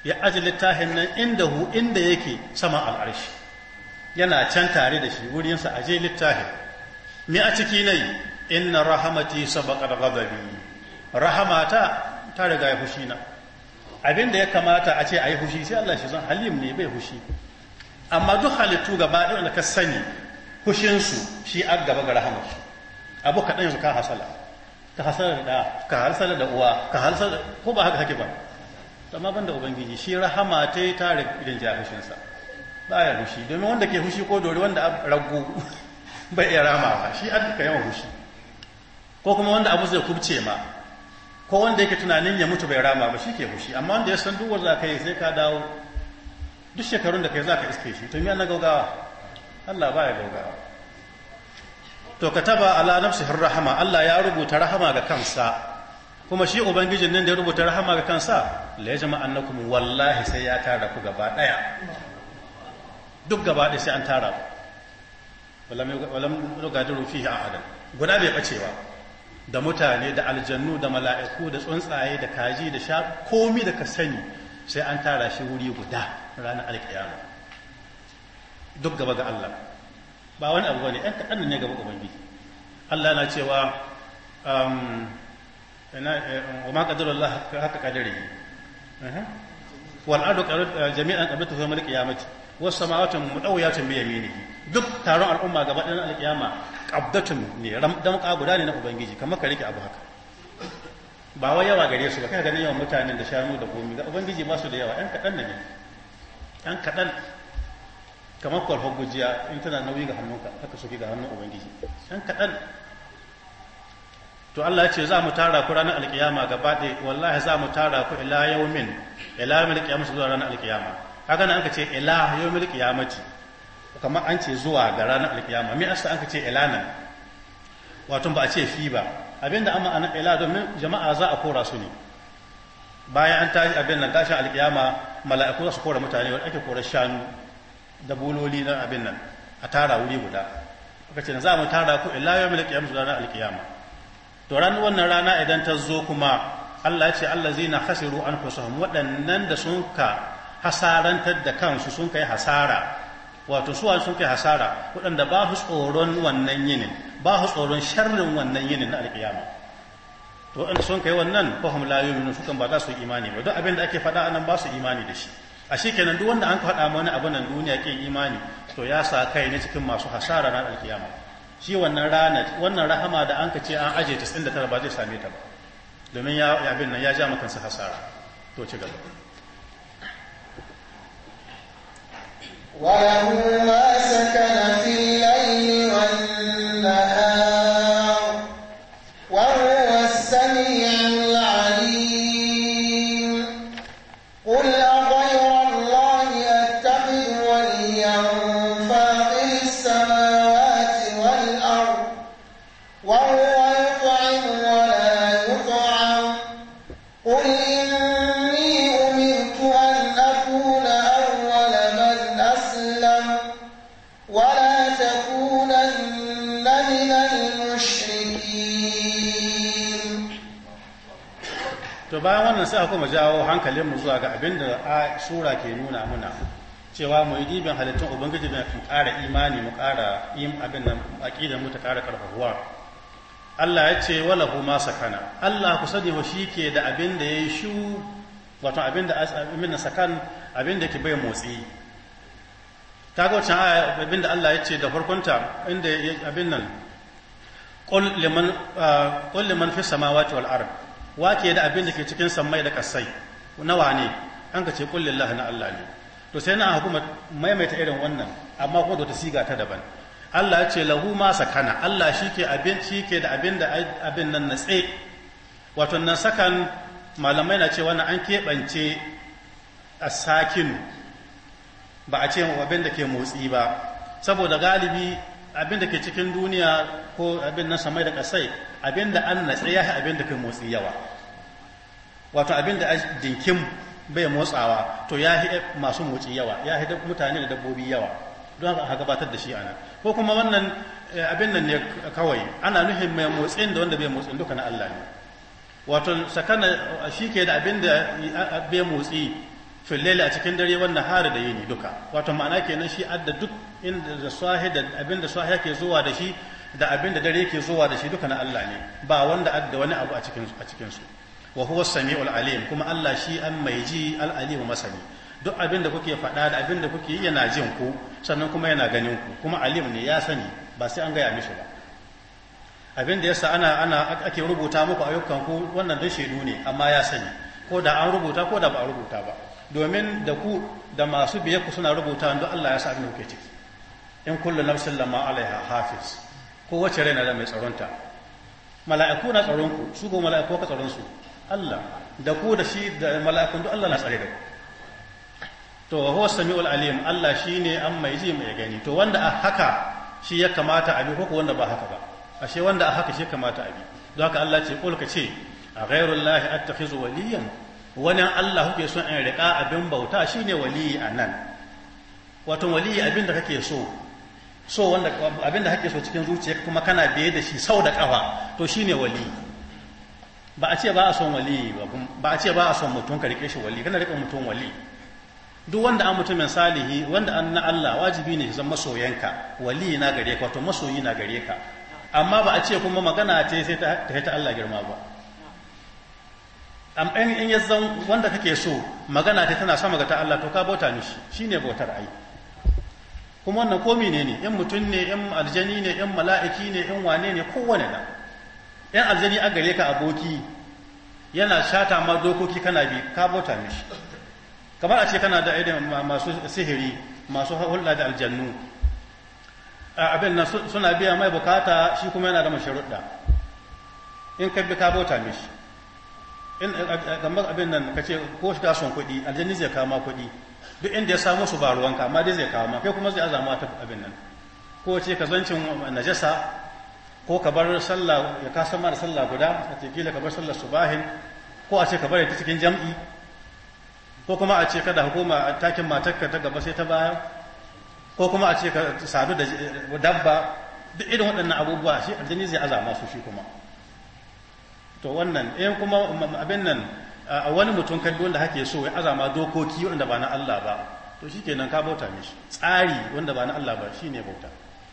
ya aji littafin nan indahu inda yake sama al-arsh yana can tare da shi wurin sa aje littafin me a ciki ne inna rahamati sabaqat ghadabi rahamata ta riga ya na. abin da ya kamata a ce a yi hushi sai Allah shi zan halim ne bai hushi amma duk halittu gaba ɗaya da ka sani hushinsu shi a gaba ga Rahama. abu kaɗan yanzu ka hasala ka hasala da ɗa ka hasala da uwa ka hasala ko ba haka hake ba amma ban da ubangiji shi rahama ta yi tare idan a hushinsa ba ya hushi domin wanda ke hushi ko dori wanda ragu bai iya ramawa shi a duka yawan hushi ko kuma wanda abu zai kubce ma ko wanda yake tunanin ya mutu bai rama ba shi ke fushi amma wanda ya san duk wanda kai sai ka dawo duk shekarun da kai za ka iske shi to me na gaugawa Allah ba ya gaugawa to kataba ala nafsi rahama Allah ya rubuta rahama ga kansa kuma shi ubangijin nan da ya rubuta rahama ga kansa la yajma annakum wallahi sai ya tara ku gaba daya duk gaba daya sai an tara ku walam walam nugadiru fihi ahadan guda bai ba. da mutane da aljannu da mala'iku da tsuntsaye da kaji da sha komi da ka sani sai an tara shi wuri guda ranar alkiyama duk gaba ga Allah ba wani abu ne ‘yan kaɗan ne gaba ubangiji Allah na cewa um, eh, wa ma Allah haka qadari wal ardu eh, jami'an qabdatuhu yawm wasu qiyamati mu ɗau ya bi mini. duk taron al'umma gaba ɗan alkiyama ƙabdatun ne damƙa guda ne na ubangiji kamar ka rike abu haka ba wai yawa gare su ba kai ganin yawan mutanen da shanu da gomi ga ubangiji ba su da yawa yan kaɗan ne yan kaɗan kamar kwalfar gujiya in tana nauyi ga hannunka haka suke ga hannun ubangiji yan kaɗan to Allah ya ce za mu tara ku ranar alkiyama gaba ɗaya wallahi za mu tara ku ila yawmin ila yaumin alkiyama zuwa ranar alkiyama kaga nan aka ce ila yaumin alkiyamati kamar an ce zuwa ga ranar alkiyama me asta an ka ce ilanan wato ba a ce fi ba abinda an ma'ana ila domin jama'a za a kora su ne bayan an tashi abin nan tashin alkiyama mala'iku za su kora mutane wanda ake kora shanu da buloli na abin nan a tara wuri guda aka ce za mu tara ku illa yawmil qiyamah zuwa ranar alkiyama to ran wannan rana idan ta zo kuma Allah ya ce allazina an anfusahum waɗannan da sun ka hasarantar da kansu sun kai hasara wato suwa sun kai hasara waɗanda ba su tsoron wannan yinin ba su tsoron sharrin wannan yinin na alƙiyama to waɗanda sun kai wannan fahim la yu'minu sukan ba za su imani ba duk abin da ake faɗa nan ba su imani da shi a kenan duk wanda an faɗa mana abin nan duniya kin imani to ya sa kai na cikin masu hasara na alƙiyama shi wannan rana wannan rahama da an ka ce an aje 99 ba zai same ta ba domin ya abin nan ya ja makansa hasara to ci gaba وله ما سكن في الليل والنهار bayan wannan sai kuma jawo hankalin mu zuwa ga abin da sura ke nuna muna cewa mu yi dibin halittun ubangiji da mu ƙara imani mu ƙara yin abin nan aqidar mu ta ƙara karfafuwa Allah ya ce wala ma sakana Allah ku sani shi ke da abin da yayi shu wato abin da abin sakan abin da ke bai motsi kaga wancan abin da Allah ya ce da farkonta inda abin nan qul liman ah, qul liman fis samawati wal ardh wake da abin da ke cikin sammai da kasai nawa ne an ka ce kullillah na Allah ne to sai na hukuma maimaita irin wannan amma kuma da ta siga ta daban Allah ya ce lahu ma sakana Allah shi ke abin da abin da abin nan na tsaye. wato nan sakan malamai na ce wannan an keɓance a sakin ba a ce abin da ke motsi ba saboda galibi abin da ke cikin duniya ko abin na samai da kasai abin da an natsa ya abin da ke motsi yawa wato abin da jinkin bai motsawa to ya fi masu motsi yawa ya fi mutane da dabbobi yawa don haka gabatar da shi ana ko kuma wannan eh, abin nan ne kawai ana nufin mai motsin da wanda bai motsin duka na Allah ne wato sakana shi ke da abin da eh, bai motsi fillaila a cikin dare wanda hari da yini duka wato ma'ana kenan shi adda duk inda da sahi da abin da zuwa da shi da abin dare yake zuwa da shi duka na Allah ne ba wanda adda wani abu a cikin a cikin su wa huwa samiul alim kuma Allah shi an mai ji al alim masani duk abinda kuke faɗa da abinda kuke yi yana jin ku sannan kuma yana ganin ku kuma alim ne ya sani ba sai an gaya mishi ba abin da yasa ana ana ake rubuta muku ayyukan ku wannan dan shaidu ne amma ya sani ko da an rubuta ko da ba a rubuta ba domin da ku da masu biye ku suna rubuta don Allah ya sa abin ke ciki in kullu nafsin lamma alaiha hafiz ko wace rai na da mai tsaronta mala'iku na tsaron ku su ko mala'iku ka tsaron su Allah da ku da shi da mala'ikun duk Allah na tsare da ku to wa huwa samiul alim Allah shine an mai ji mai gani to wanda a haka shi ya kamata abi ko wanda ba haka ba ashe wanda a haka shi ya kamata abi don haka Allah ce ko ka ce a ghairullahi attakhizu waliyan wani Allah kuke son in riƙa abin bauta shi ne waliyi a nan wato waliyi abin da kake so so wanda abin da kake so cikin zuciya kuma kana biye da shi sau da ƙafa to shi ne waliyi ba a ce ba a son waliyi ba a ce ba a son mutum ka riƙe shi wali kana riƙe mutum wali duk wanda an mutumin salihi wanda an na Allah wajibi ne zan masoyanka waliyi na gare ka wato masoyi na gare ka amma ba a ce kuma magana ce sai ta ta Allah girma ba am in ya zan wanda kake so magana ta tana sama ga ta Allah to ka bauta mishi shine bautar ai kuma wannan komi ne ne in mutum ne in aljani ne in mala'iki ne in wane ne kowane na in aljani an gare ka aboki yana shata ma dokoki kana bi ka bauta mishi kamar a ce kana da aidan masu sihiri masu hulɗa da aljannu abin nan suna biya mai bukata shi kuma yana da masharuɗa in ka bi ka bauta mishi in gambar abin nan ka ce ko shiga son kuɗi aljanni zai kama kuɗi duk inda ya samu su ba ruwanka amma dai zai kama kai kuma zai azama ta abin nan ko ce ka zancin najasa ko ka bar sallah ya kasa mara sallah guda a ce kila ka bar sallah subahin ko a ce ka bar ta cikin jam'i ko kuma a ce kada hukuma a takin matarka ta gaba sai ta baya ko kuma a ce ka sadu da dabba duk irin waɗannan abubuwa shi aljani zai azama su shi kuma to wannan in eh, kuma abin nan a wani mutum kaddo wanda hake so ya azama dokoki wanda ba na Allah ba to shikenan ka bauta mishi tsari wanda ba na Allah ba shine bauta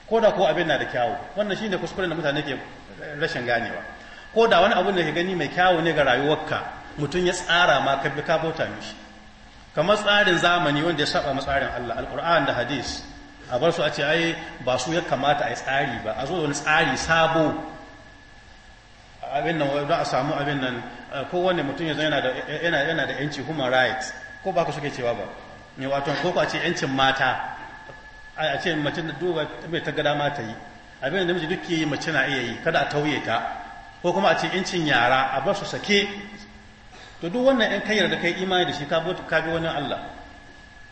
ko da ko abin na da kyawu wannan shine kuskure da mutane ke rashin ganewa ko da wani abin da ke gani mai kyawu ne ga rayuwarka mutum ya tsara ma ka bi ka bauta mishi kamar tsarin zamani wanda ya saba matsarin Allah alquran da hadis a bar su a ce ai ba su ya kamata a yi tsari ba a zo wani tsari sabo abin nan don a samu abin nan eh, kowane mutum ya yana da yana da yanci human rights ko ba ka suke cewa ba ne wato ko ce yancin mata a ce mace da duba mai ta gada mata yi abin da namiji duk yi mace na iya yi kada a tauye ta ko kuma a ce yancin yara a ba su sake to duk wannan yan kai da kai imani da shi ka bi wani Allah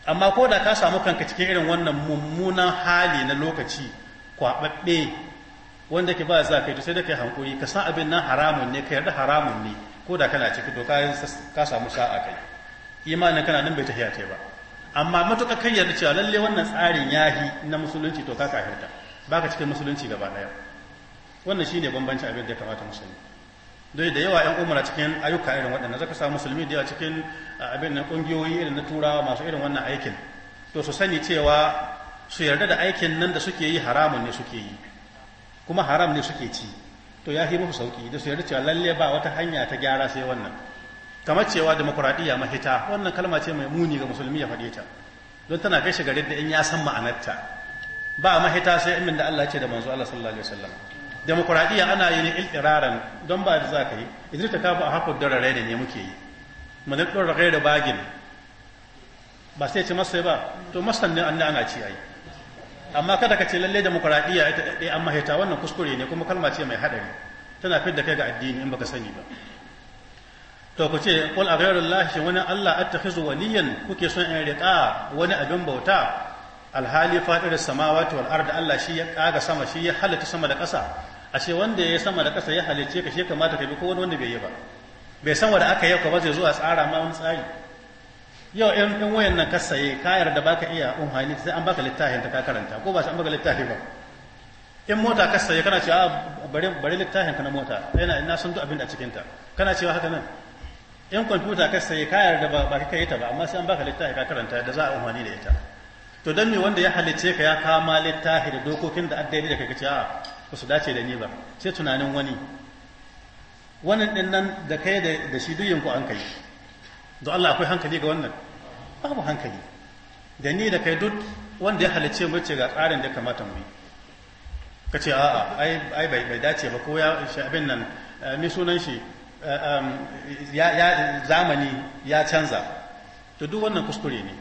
amma ko da ka samu kanka cikin irin wannan mummunan hali na lokaci kwababbe wanda ke ba sa kai to sai da kai hankuri ka san abin nan haramun ne ka yarda haramun ne ko da kana ciki to ka samu sa'a kai imanin kana nan bai ta hiyata ba amma matuƙa kan yarda cewa lalle wannan tsarin yahi na musulunci to ka kafirta baka cikin musulunci gaba daya wannan shine bambanci abin da ya kamata mu sani dai da yawa 'yan umara cikin ayyuka irin waɗannan zaka samu musulmi da yawa cikin abin nan ƙungiyoyi irin na turawa masu irin wannan aikin to su sani cewa su yarda da aikin nan da suke yi haramun ne suke yi kuma haram ne suke ci to ya fi muku sauki da su yarda cewa lalle ba wata hanya ta gyara sai wannan kamar cewa demokuraɗiyya mahita wannan kalma ce mai muni ga musulmi ya faɗe ta don tana kai shigarar da in ya san ma'anarta ba mahita sai in da Allah ce da manzo Allah sallallahu alaihi wasallam demokuraɗiyya ana yi ne iltiraran don ba da za ka yi idan ta kafa a hakku darare ne muke yi mun ɗora da bagin ba sai ce masai ba to masan ne ana ci ai amma kada ka ce lalle demokradiyya ita ɗaya an mahita wannan kuskure ne kuma kalma ce mai haɗari tana fidda kai ga addini in baka sani ba to ku ce qul a ghayrillahi shin wani Allah attakhizu waliyan kuke son in riƙa wani abin bauta alhali faɗir samawati wal ardi Allah shi ya kaga sama shi ya halitta sama da ƙasa ashe wanda ya sama da ƙasa ya halicce ka shi kamata ka bi ko wani wanda bai yi ba bai san wanda aka yi ka ba zai zo a tsara ma wani tsari yau yan yan wayan nan ka saye ka yarda baka iya umhani sai an baka littafin ta ka karanta ko ba sai an baka littafi ba in mota ka saye kana cewa ah, bari bari littafin ka na mota yana ina san duk abin da cikin ta kana cewa haka nan in kwamfuta ka saye ka yarda ba ba kai ta ba amma sai an baka littafi ka karanta da za a umarni da ita to dan me wanda ya halice ka ya kama littafi da dokokin da addini da kake cewa ah, ba su dace da ni ba sai tunanin wani wannan din nan da kai da shi duyin ku an kai don Allah akwai hankali ga wannan babu hankali da ni da kai duk wanda ya halice mu ce ga tsarin da kamata mu yi ka ce a'a ai bai dace ba ko ya shi abin nan eh, mai sunan shi eh, zamani ya canza to duk wannan kuskure ne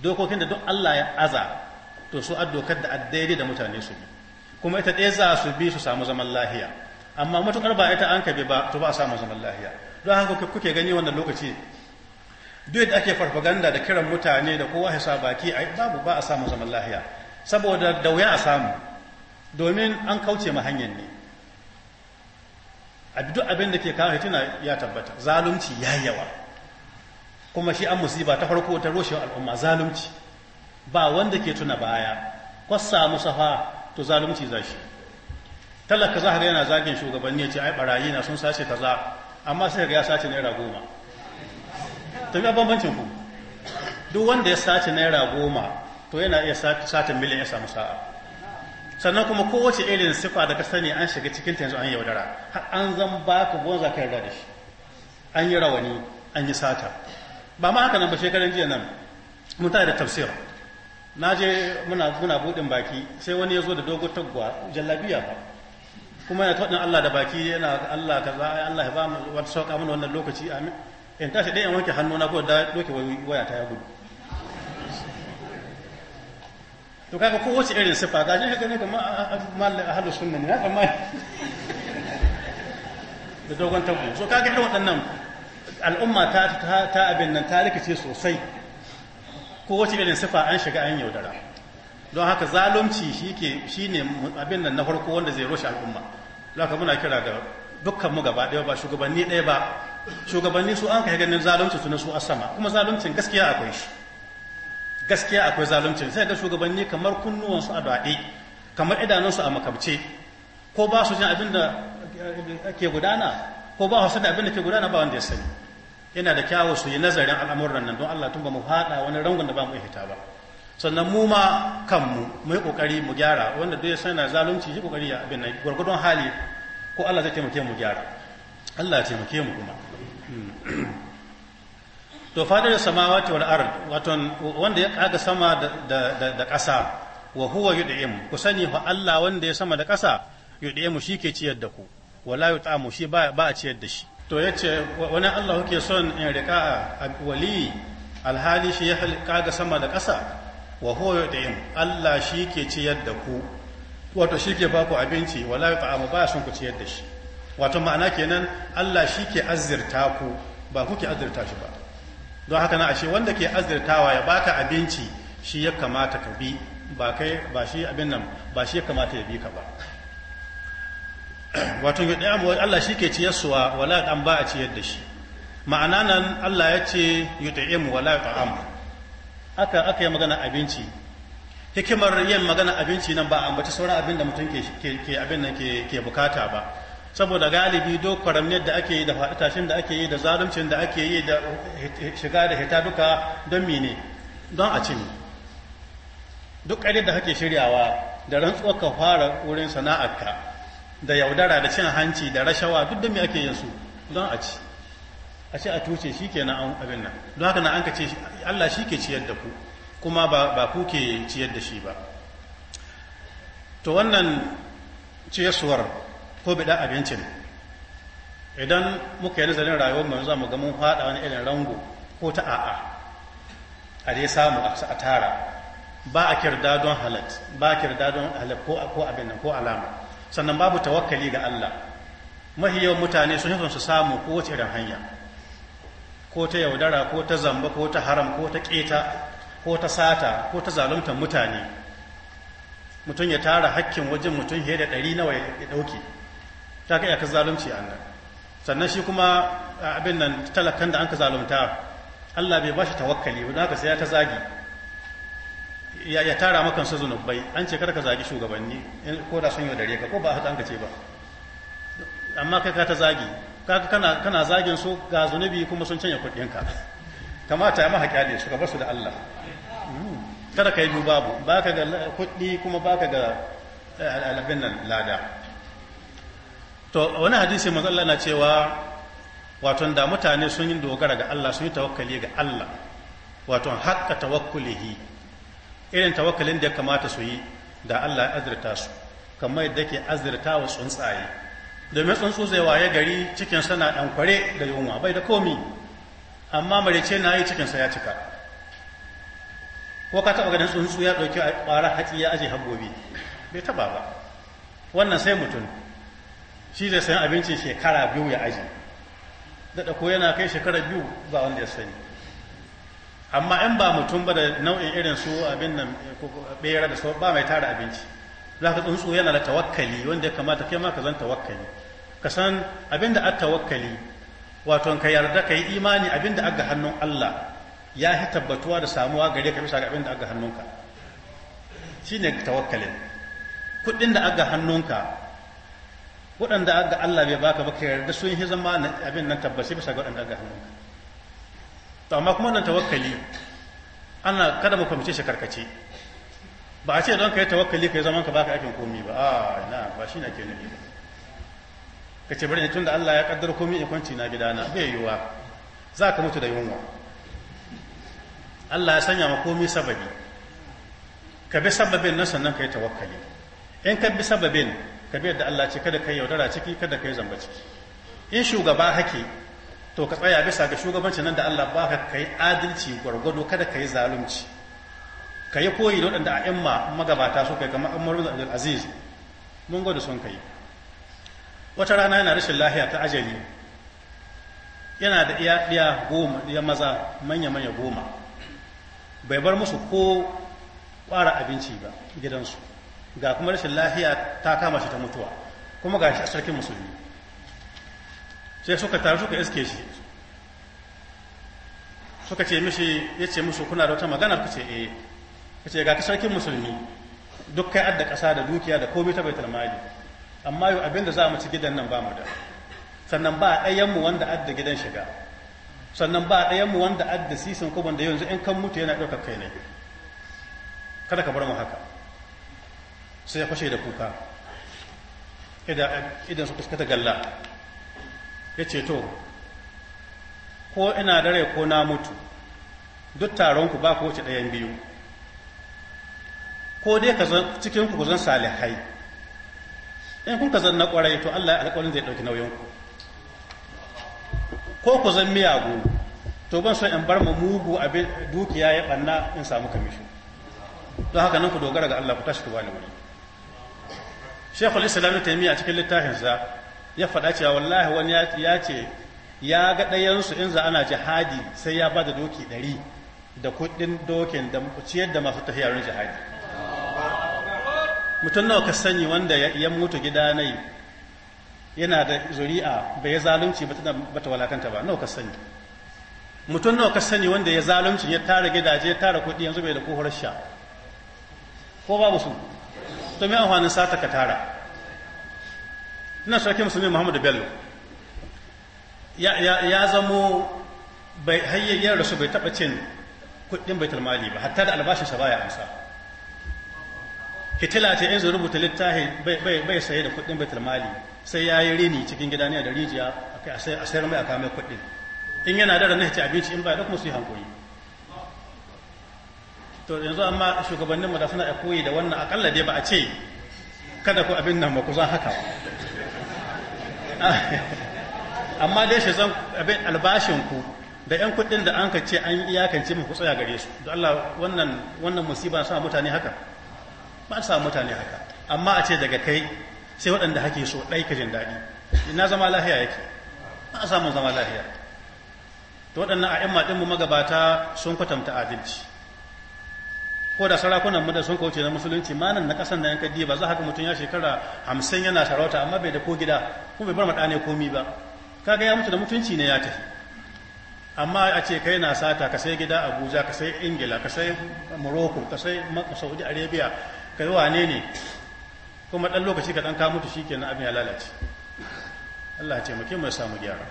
dokokin da duk Allah ya aza to su addokar da addaidai da mutane su bi kuma ita ɗaya za su bi su samu zaman lahiya amma mutum ba ita an kabe ba to ba a samu zaman lahiya don haka kuke gani wannan lokaci duk da ake farfaganda da kiran mutane da kowa ya sa baki ai babu ba a samu zaman lahiya saboda da wuya a samu domin an kauce ma hanyar ne a duk abin da ke kawo fitina ya tabbata zalunci ya yawa kuma shi an musiba ta farko ta roshe al'umma zalunci ba wanda ke tuna baya samu musafa to zalunci za shi talaka za yana zagin shugabanni ya ce ai barayi na sun sace kaza amma sai ga ya sace naira goma to ya bambancin ku duk wanda ya sace naira goma to yana iya sace miliyan ya samu sa'a sannan kuma kowace irin sifa da ka sani an shiga cikin ta yanzu an yaudara har an zan baka gwan za ka yarda da shi an yi rawani an yi sata ba ma haka nan ba shekaran jiya nan ta da tafsir na je muna buɗin baki sai wani ya zo da dogon taguwa jallabiya ba kuma ya kaɗin Allah da baki yana Allah ka kaza Allah ya ba mu wata sauka mana wannan lokaci amin in tashi ɗaya in wanke hannu na ko da doke waya ta ya gudu to kaga ko wace irin sifa ga shi haka ne kamar mallan ahlus sunna ne haka da dogon tabo so kaga irin waɗannan al'umma ta ta abin nan ta rikice sosai ko wace irin sifa an shiga an yaudara don haka zalunci shi ne abin nan na farko wanda zai rushe al'umma haka muna kira ga dukkan mu gaba ɗaya ba shugabanni ɗaya ba shugabanni su an kai ganin zalunci su na su a sama kuma zaluncin gaskiya akwai shi gaskiya akwai zaluncin sai ga shugabanni kamar kunnuwansu a daɗe kamar idanunsu a makabce ko ba su jin abin da ke gudana ko ba su da abin da ke gudana ba wanda ya sani yana da kyawu su yi nazarin al'amuran nan don Allah tun ba mu haɗa wani rangon da ba mu hita ba sannan mu ma kanmu mu yi kokari mu gyara wanda duk ya sana zalunci shi kokari ya abin nan gwargwadon hali ko Allah zai taimake mu gyara Allah ya taimake mu kuma hmm. to fadar samawati wal ard wato wanda ya kaga sama da da kasa wa huwa yud'im ku sani fa Allah wanda ya sama da ƙasa yud'im shi ke ciyar da ku wala yut'amu shi ba ba a ciyar da shi to yace wani Allah kuke son in rika wali alhali shi ya kaga sama da ƙasa wa hoyo da yin Allah shi ke ciyar da ku wato shi ke baku abinci wala ya ta'amu ba sun ku ciyar da shi wato ma'ana kenan Allah shi ke azirta ku ba ku ke azirta shi ba don haka na ashe wanda ke azirtawa ya baka abinci shi ya kamata ka bi ba kai ba shi abin nan ba shi ya kamata ya bi ka ba wato mu Allah shi ke ciyar wa, wala an ba a ciyar da shi ma'ana nan Allah ya ce mu wala ta'amu aka aka yi magana abinci hikimar yin magana abinci nan ba a ambaci sauran abin da mutum ke abin nan ke bukata ba saboda galibi duk kwaramniyar da ake yi da faɗi da ake yi da zaluncin da ake yi da shiga da hita duka don mene don a cini duk ƙarfi da kake shiryawa da rantsuwa ka fara wurin sana'arka da yaudara da cin hanci da rashawa duk da me ake yin su don a ci a ce a tuce shi ke nan abin nan don haka na an ka ce Allah shi ke ciyar da ku kuma ba ku ke ciyar da shi ba to wannan ciyarsuwar ko bida abincin idan muka yi nazarin rayuwar mu za mu ga mun wani irin rango ko ta a'a a dai samu a tara ba a kirda don halat ba a kirda don halat ko abin nan ko alama sannan babu tawakkali ga Allah mahi mutane sun yi su samu kowace irin hanya ko ta yaudara ko ta zamba ko ta haram ko ta keta ko ta sata ko ta zaluntar mutane mutum ya tara hakkin wajen mutum fiye da ɗari nawa ya ɗauke ta kai aka zalunci a nan sannan shi kuma abin nan talakan da an ka zalunta allah bai ba shi tawakkali wadda haka sai ya ta zagi ya tara makan su zunubai an ce kada ka zagi shugabanni ko da sun yaudare ka ko ba haka an ka ce ba amma kai ka ta zagi kaga kana kana zagin su ga zunubi kuma sun canya kuɗin ka kamata ya maha kyale su ka da Allah hmm. kada ka yi duba bu ka ga kuɗi kuma ba ka ga alabin eh, nan lada to wani hadisi manzo Allah na cewa waton da mutane sun yi dogara ga Allah sun yi tawakkali ga Allah waton hakka tawakkulihi irin tawakkalin da ya kamata su yi da Allah ya azurta su kamar yadda ke azurta wa tsuntsaye domin tsuntsu zai waye gari cikin sana ɗan kware da yunwa bai da komi amma marice na yi cikinsa ya cika ko ka taɓa ganin tsuntsu ya ɗauki ƙwara hatsi ya aje habbobi bai taɓa ba wannan sai mutum shi zai sayan abinci shekara biyu ya aji daɗa ko yana kai shekara biyu ba wanda ya sani amma in ba mutum ba da nau'in irin su abin nan ɓera da ba mai tara abinci za ka tsuntsu yana da tawakkali wanda ya kamata kai ma ka zan tawakkali ka san abin da aka tawakkali wato ka yarda ka yi imani abin da aka hannun Allah ya fi tabbatuwa da samuwa gare ka bisa ga abin da aka hannunka shine tawakkalin kuɗin da aka hannunka waɗanda aka Allah bai baka ba ka yarda sun yi zama abin nan tabbaci bisa ga waɗanda aka hannunka to amma kuma wannan tawakkali ana kada mu kwamice shi karkace ba a ce don ka yi tawakkali ka yi zaman ka baka aikin komi ba a ah, na ba shi na ke nufi ba ka ce bari tun da Allah ya kaddar komi in kwanci na gidana bai yiwuwa za ka mutu da yunwa Allah ya sanya ma komi sababi ka bi sababin nan sannan ka yi tawakkali in ka bi sababin ka bi yadda Allah ce kada ka yi yaudara ciki kada ka yi zamba ciki in shugaba hake to ka tsaya bisa ga shugabancin nan da Allah ba ka yi adalci gwargwado kada ka yi zalunci ka yi koyi da waɗanda a imma magabata su kai kamar Umar bin Abdul Aziz mun gwada sun kai wata rana yana rashin lahiya ta ajali yana da iya ɗiya goma ɗiya maza manya manya goma bai bar musu ko ƙwara abinci ba gidansu ga kuma rashin lahiya ta kama shi ta mutuwa kuma ga shi a sarkin musulmi sai suka taru suka iske shi suka ce mishi ya ce musu kuna da wata magana ku ce eh ka ce ga ka sarkin musulmi duk kai adda ƙasa da dukiya da komai ta baitul mali amma yau abinda za mu ci gidan nan ba mu da sannan ba ɗayan mu wanda adda gidan shiga sannan ba ɗayan mu wanda adda sisin kuma da yanzu in kan mutu yana ɗaukar kai ne kada ka bar mu haka sai ya fashe da kuka idan su kuskata galla ya ce to ko ina dare ko na mutu duk taron ku ba ko wuce ɗayan biyu ko dai ka zan cikin ku zan salihai in kun ka zan na kwarai to Allah ya alƙawarin zai ɗauki nauyin ku ko ku zan miyagu to ban so in bar mu mugu abin dukiya ya banna in samu kamishi don haka nan ku dogara ga Allah ku tashi ku bani wuri Sheikhul Islam Taymiyyah cikin littafinsa ya faɗa cewa wallahi wani ya ce ya ga ɗayansu in za ana jihadi sai ya ba da doki ɗari da kuɗin dokin da ciyar da masu tafiyarin jihadi mutum nawa ka sani wanda ya mutu gida nai yana da zuri'a bai ya zalunci ba ta walakanta ba nawa ka sani mutum nawa ka sani wanda ya zalunci ya tara gidaje ya tara kuɗi yanzu bai da kohar sha ko babu su to mai amfanin sata ka tara ina sarki musulmi muhammadu bello ya zamo bai hayyayyar rasu bai taɓa cin kuɗin baitul mali ba hatta da albashinsa baya amsa hitila ce in su rubuta littafi bai saye da kudin baitul mali sai ya yi rini cikin gida ne da rijiya a sayar mai a kamar kudin in yana da ranar ci abinci in bai da kuma su yi hankoyi to yanzu amma shugabannin mu da suna koyi da wannan akalla dai ba a ce kada ku abin nan ku zan haka amma dai shi zan abin albashin ku da yan kudin da an ka ce an iyakance mu ku tsaya gare su da Allah wannan wannan musiba sa mutane haka ba sa mutane haka amma a ce daga kai sai waɗanda hake so ɗai ka jin daɗi ina zama lahiya yake ba a samun zama lahiya to waɗannan a 'yan maɗinmu magabata sun kwatanta adalci ko da sarakunan mu da sun kauce na musulunci manan na ƙasan da yanka ba za haka mutum ya shekara hamsin yana sarauta amma bai da ko gida kuma bai bar maɗane komi ba kaga ya mutu da mutunci ne ya tafi amma a ce kai na sata ka sai gida abuja ka sai ingila ka sai morocco ka sai saudi arabia kai wane ne kuma dan lokaci ka dan ka mutu shi kenan abin ya lalace Allah ce muke mai samu gyara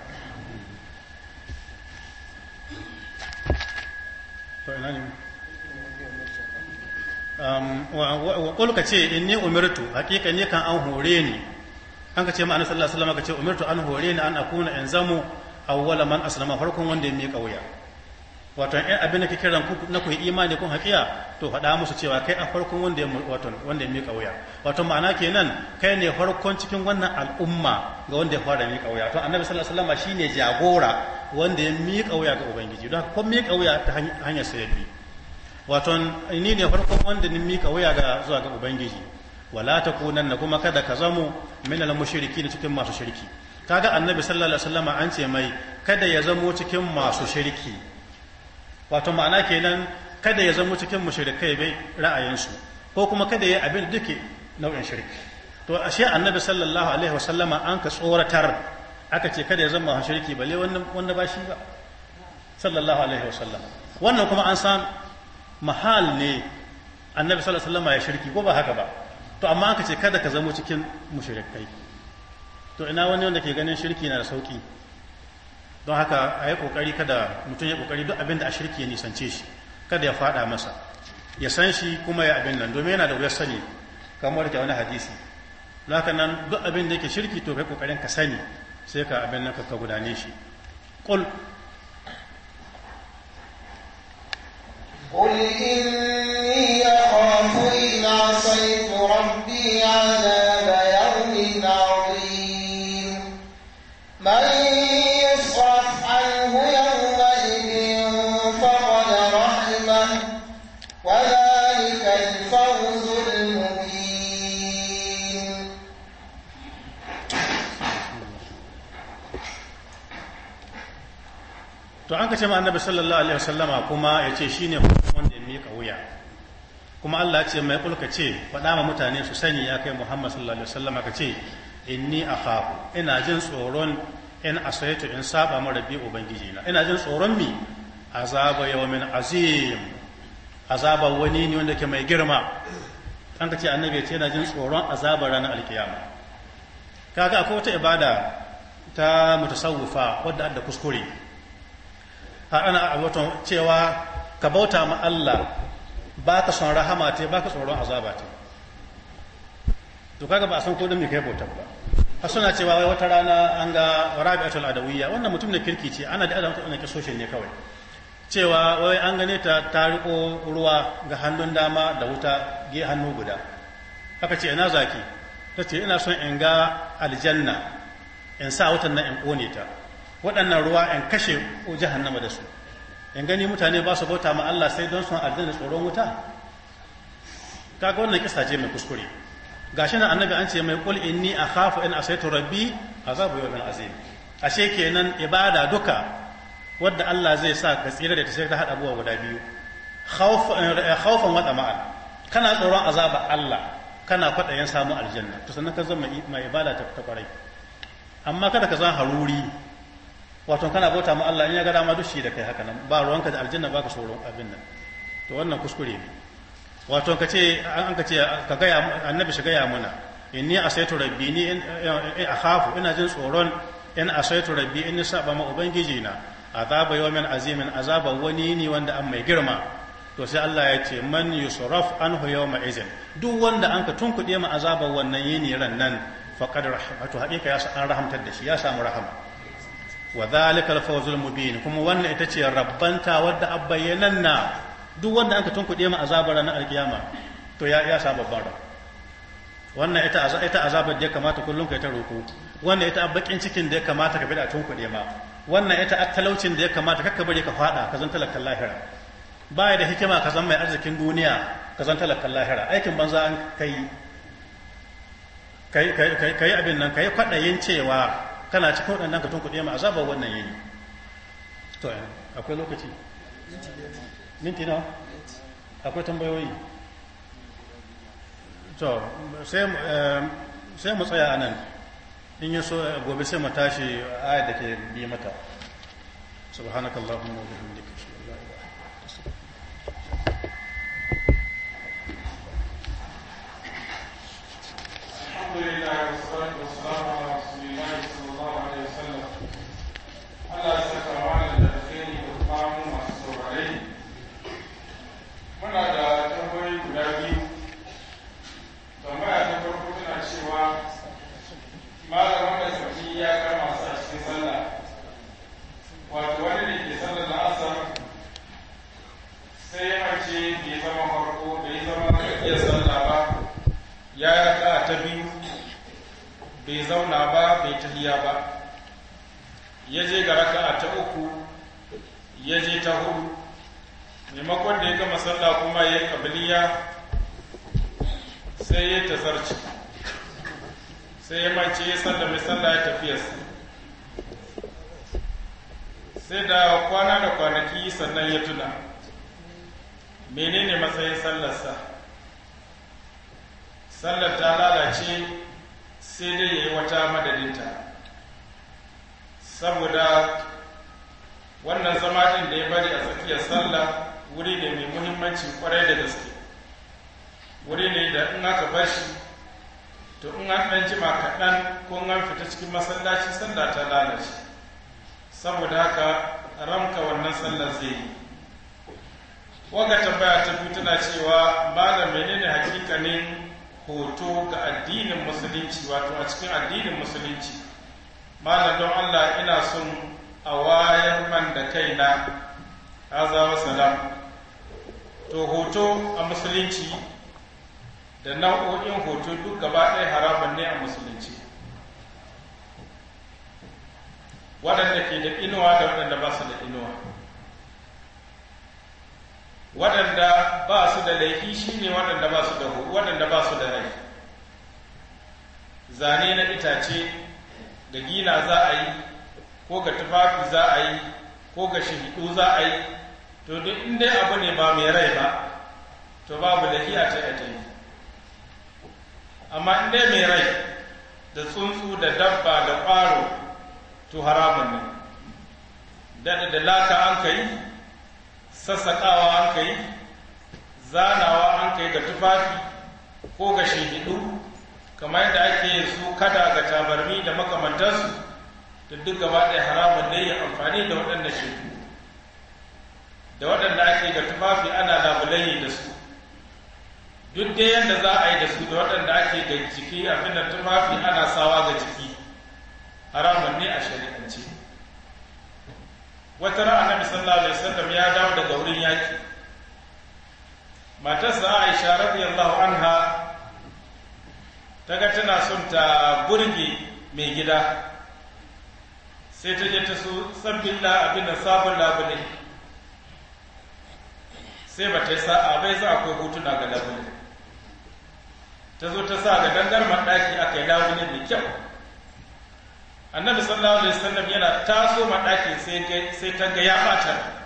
to ina ne um, wa ƙul ka ce in ni umirtu hakika ne kan an hore ni an ka ce ma annabi sallallahu alaihi wasallam ka ce umirtu an hore ni an akuna in zamu awwala man aslama farkon wanda ya miƙa kauya. wato in abin da ke na ku imani kun haƙiya to faɗa musu cewa kai a farkon wanda ya wato wanda ya miƙa wuya wato ma'ana kenan kai ne farkon cikin wannan al'umma ga wanda ya fara miƙa wuya to annabi sallallahu alaihi wasallam shine jagora wanda ya miƙa wuya ga ubangiji don ko miƙa wuya ta hanyar sa wato ni ne farkon wanda ni miƙa wuya ga zuwa ga ubangiji wala na kuma kada ka zamo min al mushrikin cikin masu shirki kaga annabi sallallahu alaihi wasallam an ce mai kada ya zamo cikin masu shirki wato ma'ana kenan kada ya zama cikin mushrikai bai ra'ayinsu ko kuma kada ya abin duke nau'in shirki to ashe annabi sallallahu alaihi wasallama an ka tsoratar aka ce kada ya zama shirki balle wanda ba shi ba sallallahu alaihi wasallam wannan kuma an san mahal ne annabi sallallahu alaihi wasallama ya shirki ko ba haka ba to amma aka ce kada ka zama cikin mushrikai to ina wani wanda ke ganin shirki na da sauki don haka a yi ƙoƙari kada mutum ya ƙoƙari duk abin da a shirki ya nisance shi kada ya faɗa masa ya san shi kuma ya abin nan domin yana da wuyar sani kamar da wani hadisi don nan duk abin da yake shirki to kai ƙoƙarin ka sani sai ka abin nan ka gudane shi ƙul to an ka ce ma annabi sallallahu alaihi wasallama kuma ya ce shi shine wanda ya mika wuya kuma Allah ce mai kulka ce faɗa ma mutane su sani ya kai Muhammad sallallahu alaihi wasallama ka ce inni akhafu ina jin tsoron in asaitu in saba ma rabbi ubangiji na ina jin tsoron mi azaba yawmin azim azaba wani ne wanda ke mai girma an ka ce annabi ya ce ina jin tsoron azaba ranar alkiyama kaga akwai wata ibada ta mutasawwifa wadda adda kuskure har ana wata cewa ka bauta ma Allah ba ka son rahama te ba ka tsoron azaba te to kaga ba a san ko mai kai bautar ba har suna cewa wai wata rana an ga rabi'atul adawiyya wannan mutum ne kirki ce ana da adam ne ka ne kawai cewa wai an gane ta ta riko ruwa ga hannun dama da wuta ge hannu guda haka ce ina zaki ta ce ina son in ga aljanna in sa wutan nan in kone ta waɗannan ruwa in kashe jahannama da su in gani mutane ba su bauta ma Allah sai don sun aljanna tsoron wuta kaga wannan kisa ce mai kuskure gashi nan annabi an ce mai qul inni akhafu in asaitu rabbi azabu yawmin azim ashe kenan ibada duka wadda Allah zai sa ka tsira da ta sai ta hada abuwa guda biyu eh, khawfan wa tama'an kana tsoron azaba Allah kana kwaɗayen samun aljanna to sannan ka zama mai ibada ta kwarai amma kada ka zama haruri wato kana bauta mu Allah in ya ga dama duk shi da kai haka nan ba ruwanka da aljanna ba ka abin nan to wannan kuskure ne wato ka ce an ka ce ka gaya annabi shiga ya muna inni asaitu rabbi ni in akhafu ina jin tsoron in asaitu rabbi in saba ma ubangiji na azaba yawmin azimin azaba wani ne wanda an mai girma to sai Allah ya ce man yusraf anhu yawma izin duk wanda an ka tunkuɗe ma azabar wannan yini ran nan faqad rahmatu haƙiƙa ya an rahamtar da shi ya samu rahama wa zalika al-fawzul mubin kuma wannan ita ce rabbanta wadda abbayyananna duk wanda anka tunkuɗe ma azabar ranar alkiyama to ya ya saba wannan ita azabar da ya kamata kullum kai ta roko wannan ita abbakin cikin da ya kamata ka bi da tunkuɗe ma wannan ita attalaucin da ya kamata kakka bari ka fada ka zan talakan lahira baya da hikima ka zan mai arzikin duniya ka zan talakan lahira aikin banza an kai kai kai abin nan kai kwaɗayin cewa kana cikin waɗannan ka tunkuɗe ma azaba wannan yayi to akwai lokaci minti na akwai tambayoyi to eh, sai mu tsaya a nan in yi so gobe sai mu tashi ayat da ke bi mata subhanakallahumma wa bihamdika الحمد لله والسلام على رسول الله الله عليه وسلم Allah ya saka waɗanda ba su da waɗanda ba su da rai zane na itace da gina za a yi ko ga tufafi za a yi ko ga shihidu za a yi to duk in dai abu ne ba mai rai ba to babu da iya ta ta yi amma in mai rai da tsuntsu da dabba da ƙwaro to haramun ne da da laka an ka sassaƙawa an ka zanawa an kai ga tufafi ko ga shehidu kamar yadda ake yin su kada ga tabarmi da makamantarsu da duk gaba ɗaya haramun ne ya amfani da waɗanda shehidu da waɗanda ake ga tufafi ana labulayi da su duk dai yadda za a yi da su da waɗanda ake ga jiki abin da tufafi ana sawa ga jiki haramun ne a shari'ance wata ra'a na misalla alaihi Sallam ya dawo daga wurin yaki matarsa aisha radiyallahu anha ta ga tana son ta burge mai gida sai ta je ta so sabbilla abin da sabon labule sai ba ta yi sa'a bai za akwai hutuna ga labule ta zo ta sa ga dangarmar ɗaki aka yi labule mai kyau annabi sallallahu alaihi wasallam yana taso maɗaki sai ta ga ya ɓata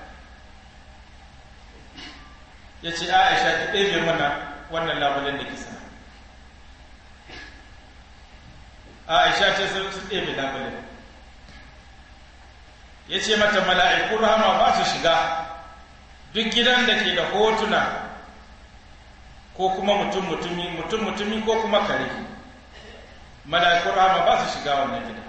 ya ce aisha ta ɗebe mana wannan labulen da kisa aisha ce sun su ɗebe labulen ya ce mata mala'iku rahama ba su shiga duk gidan da ke da hotuna ko kuma mutum mutumi mutum mutumi ko kuma kare mala'iku rahama ba su shiga wannan gidan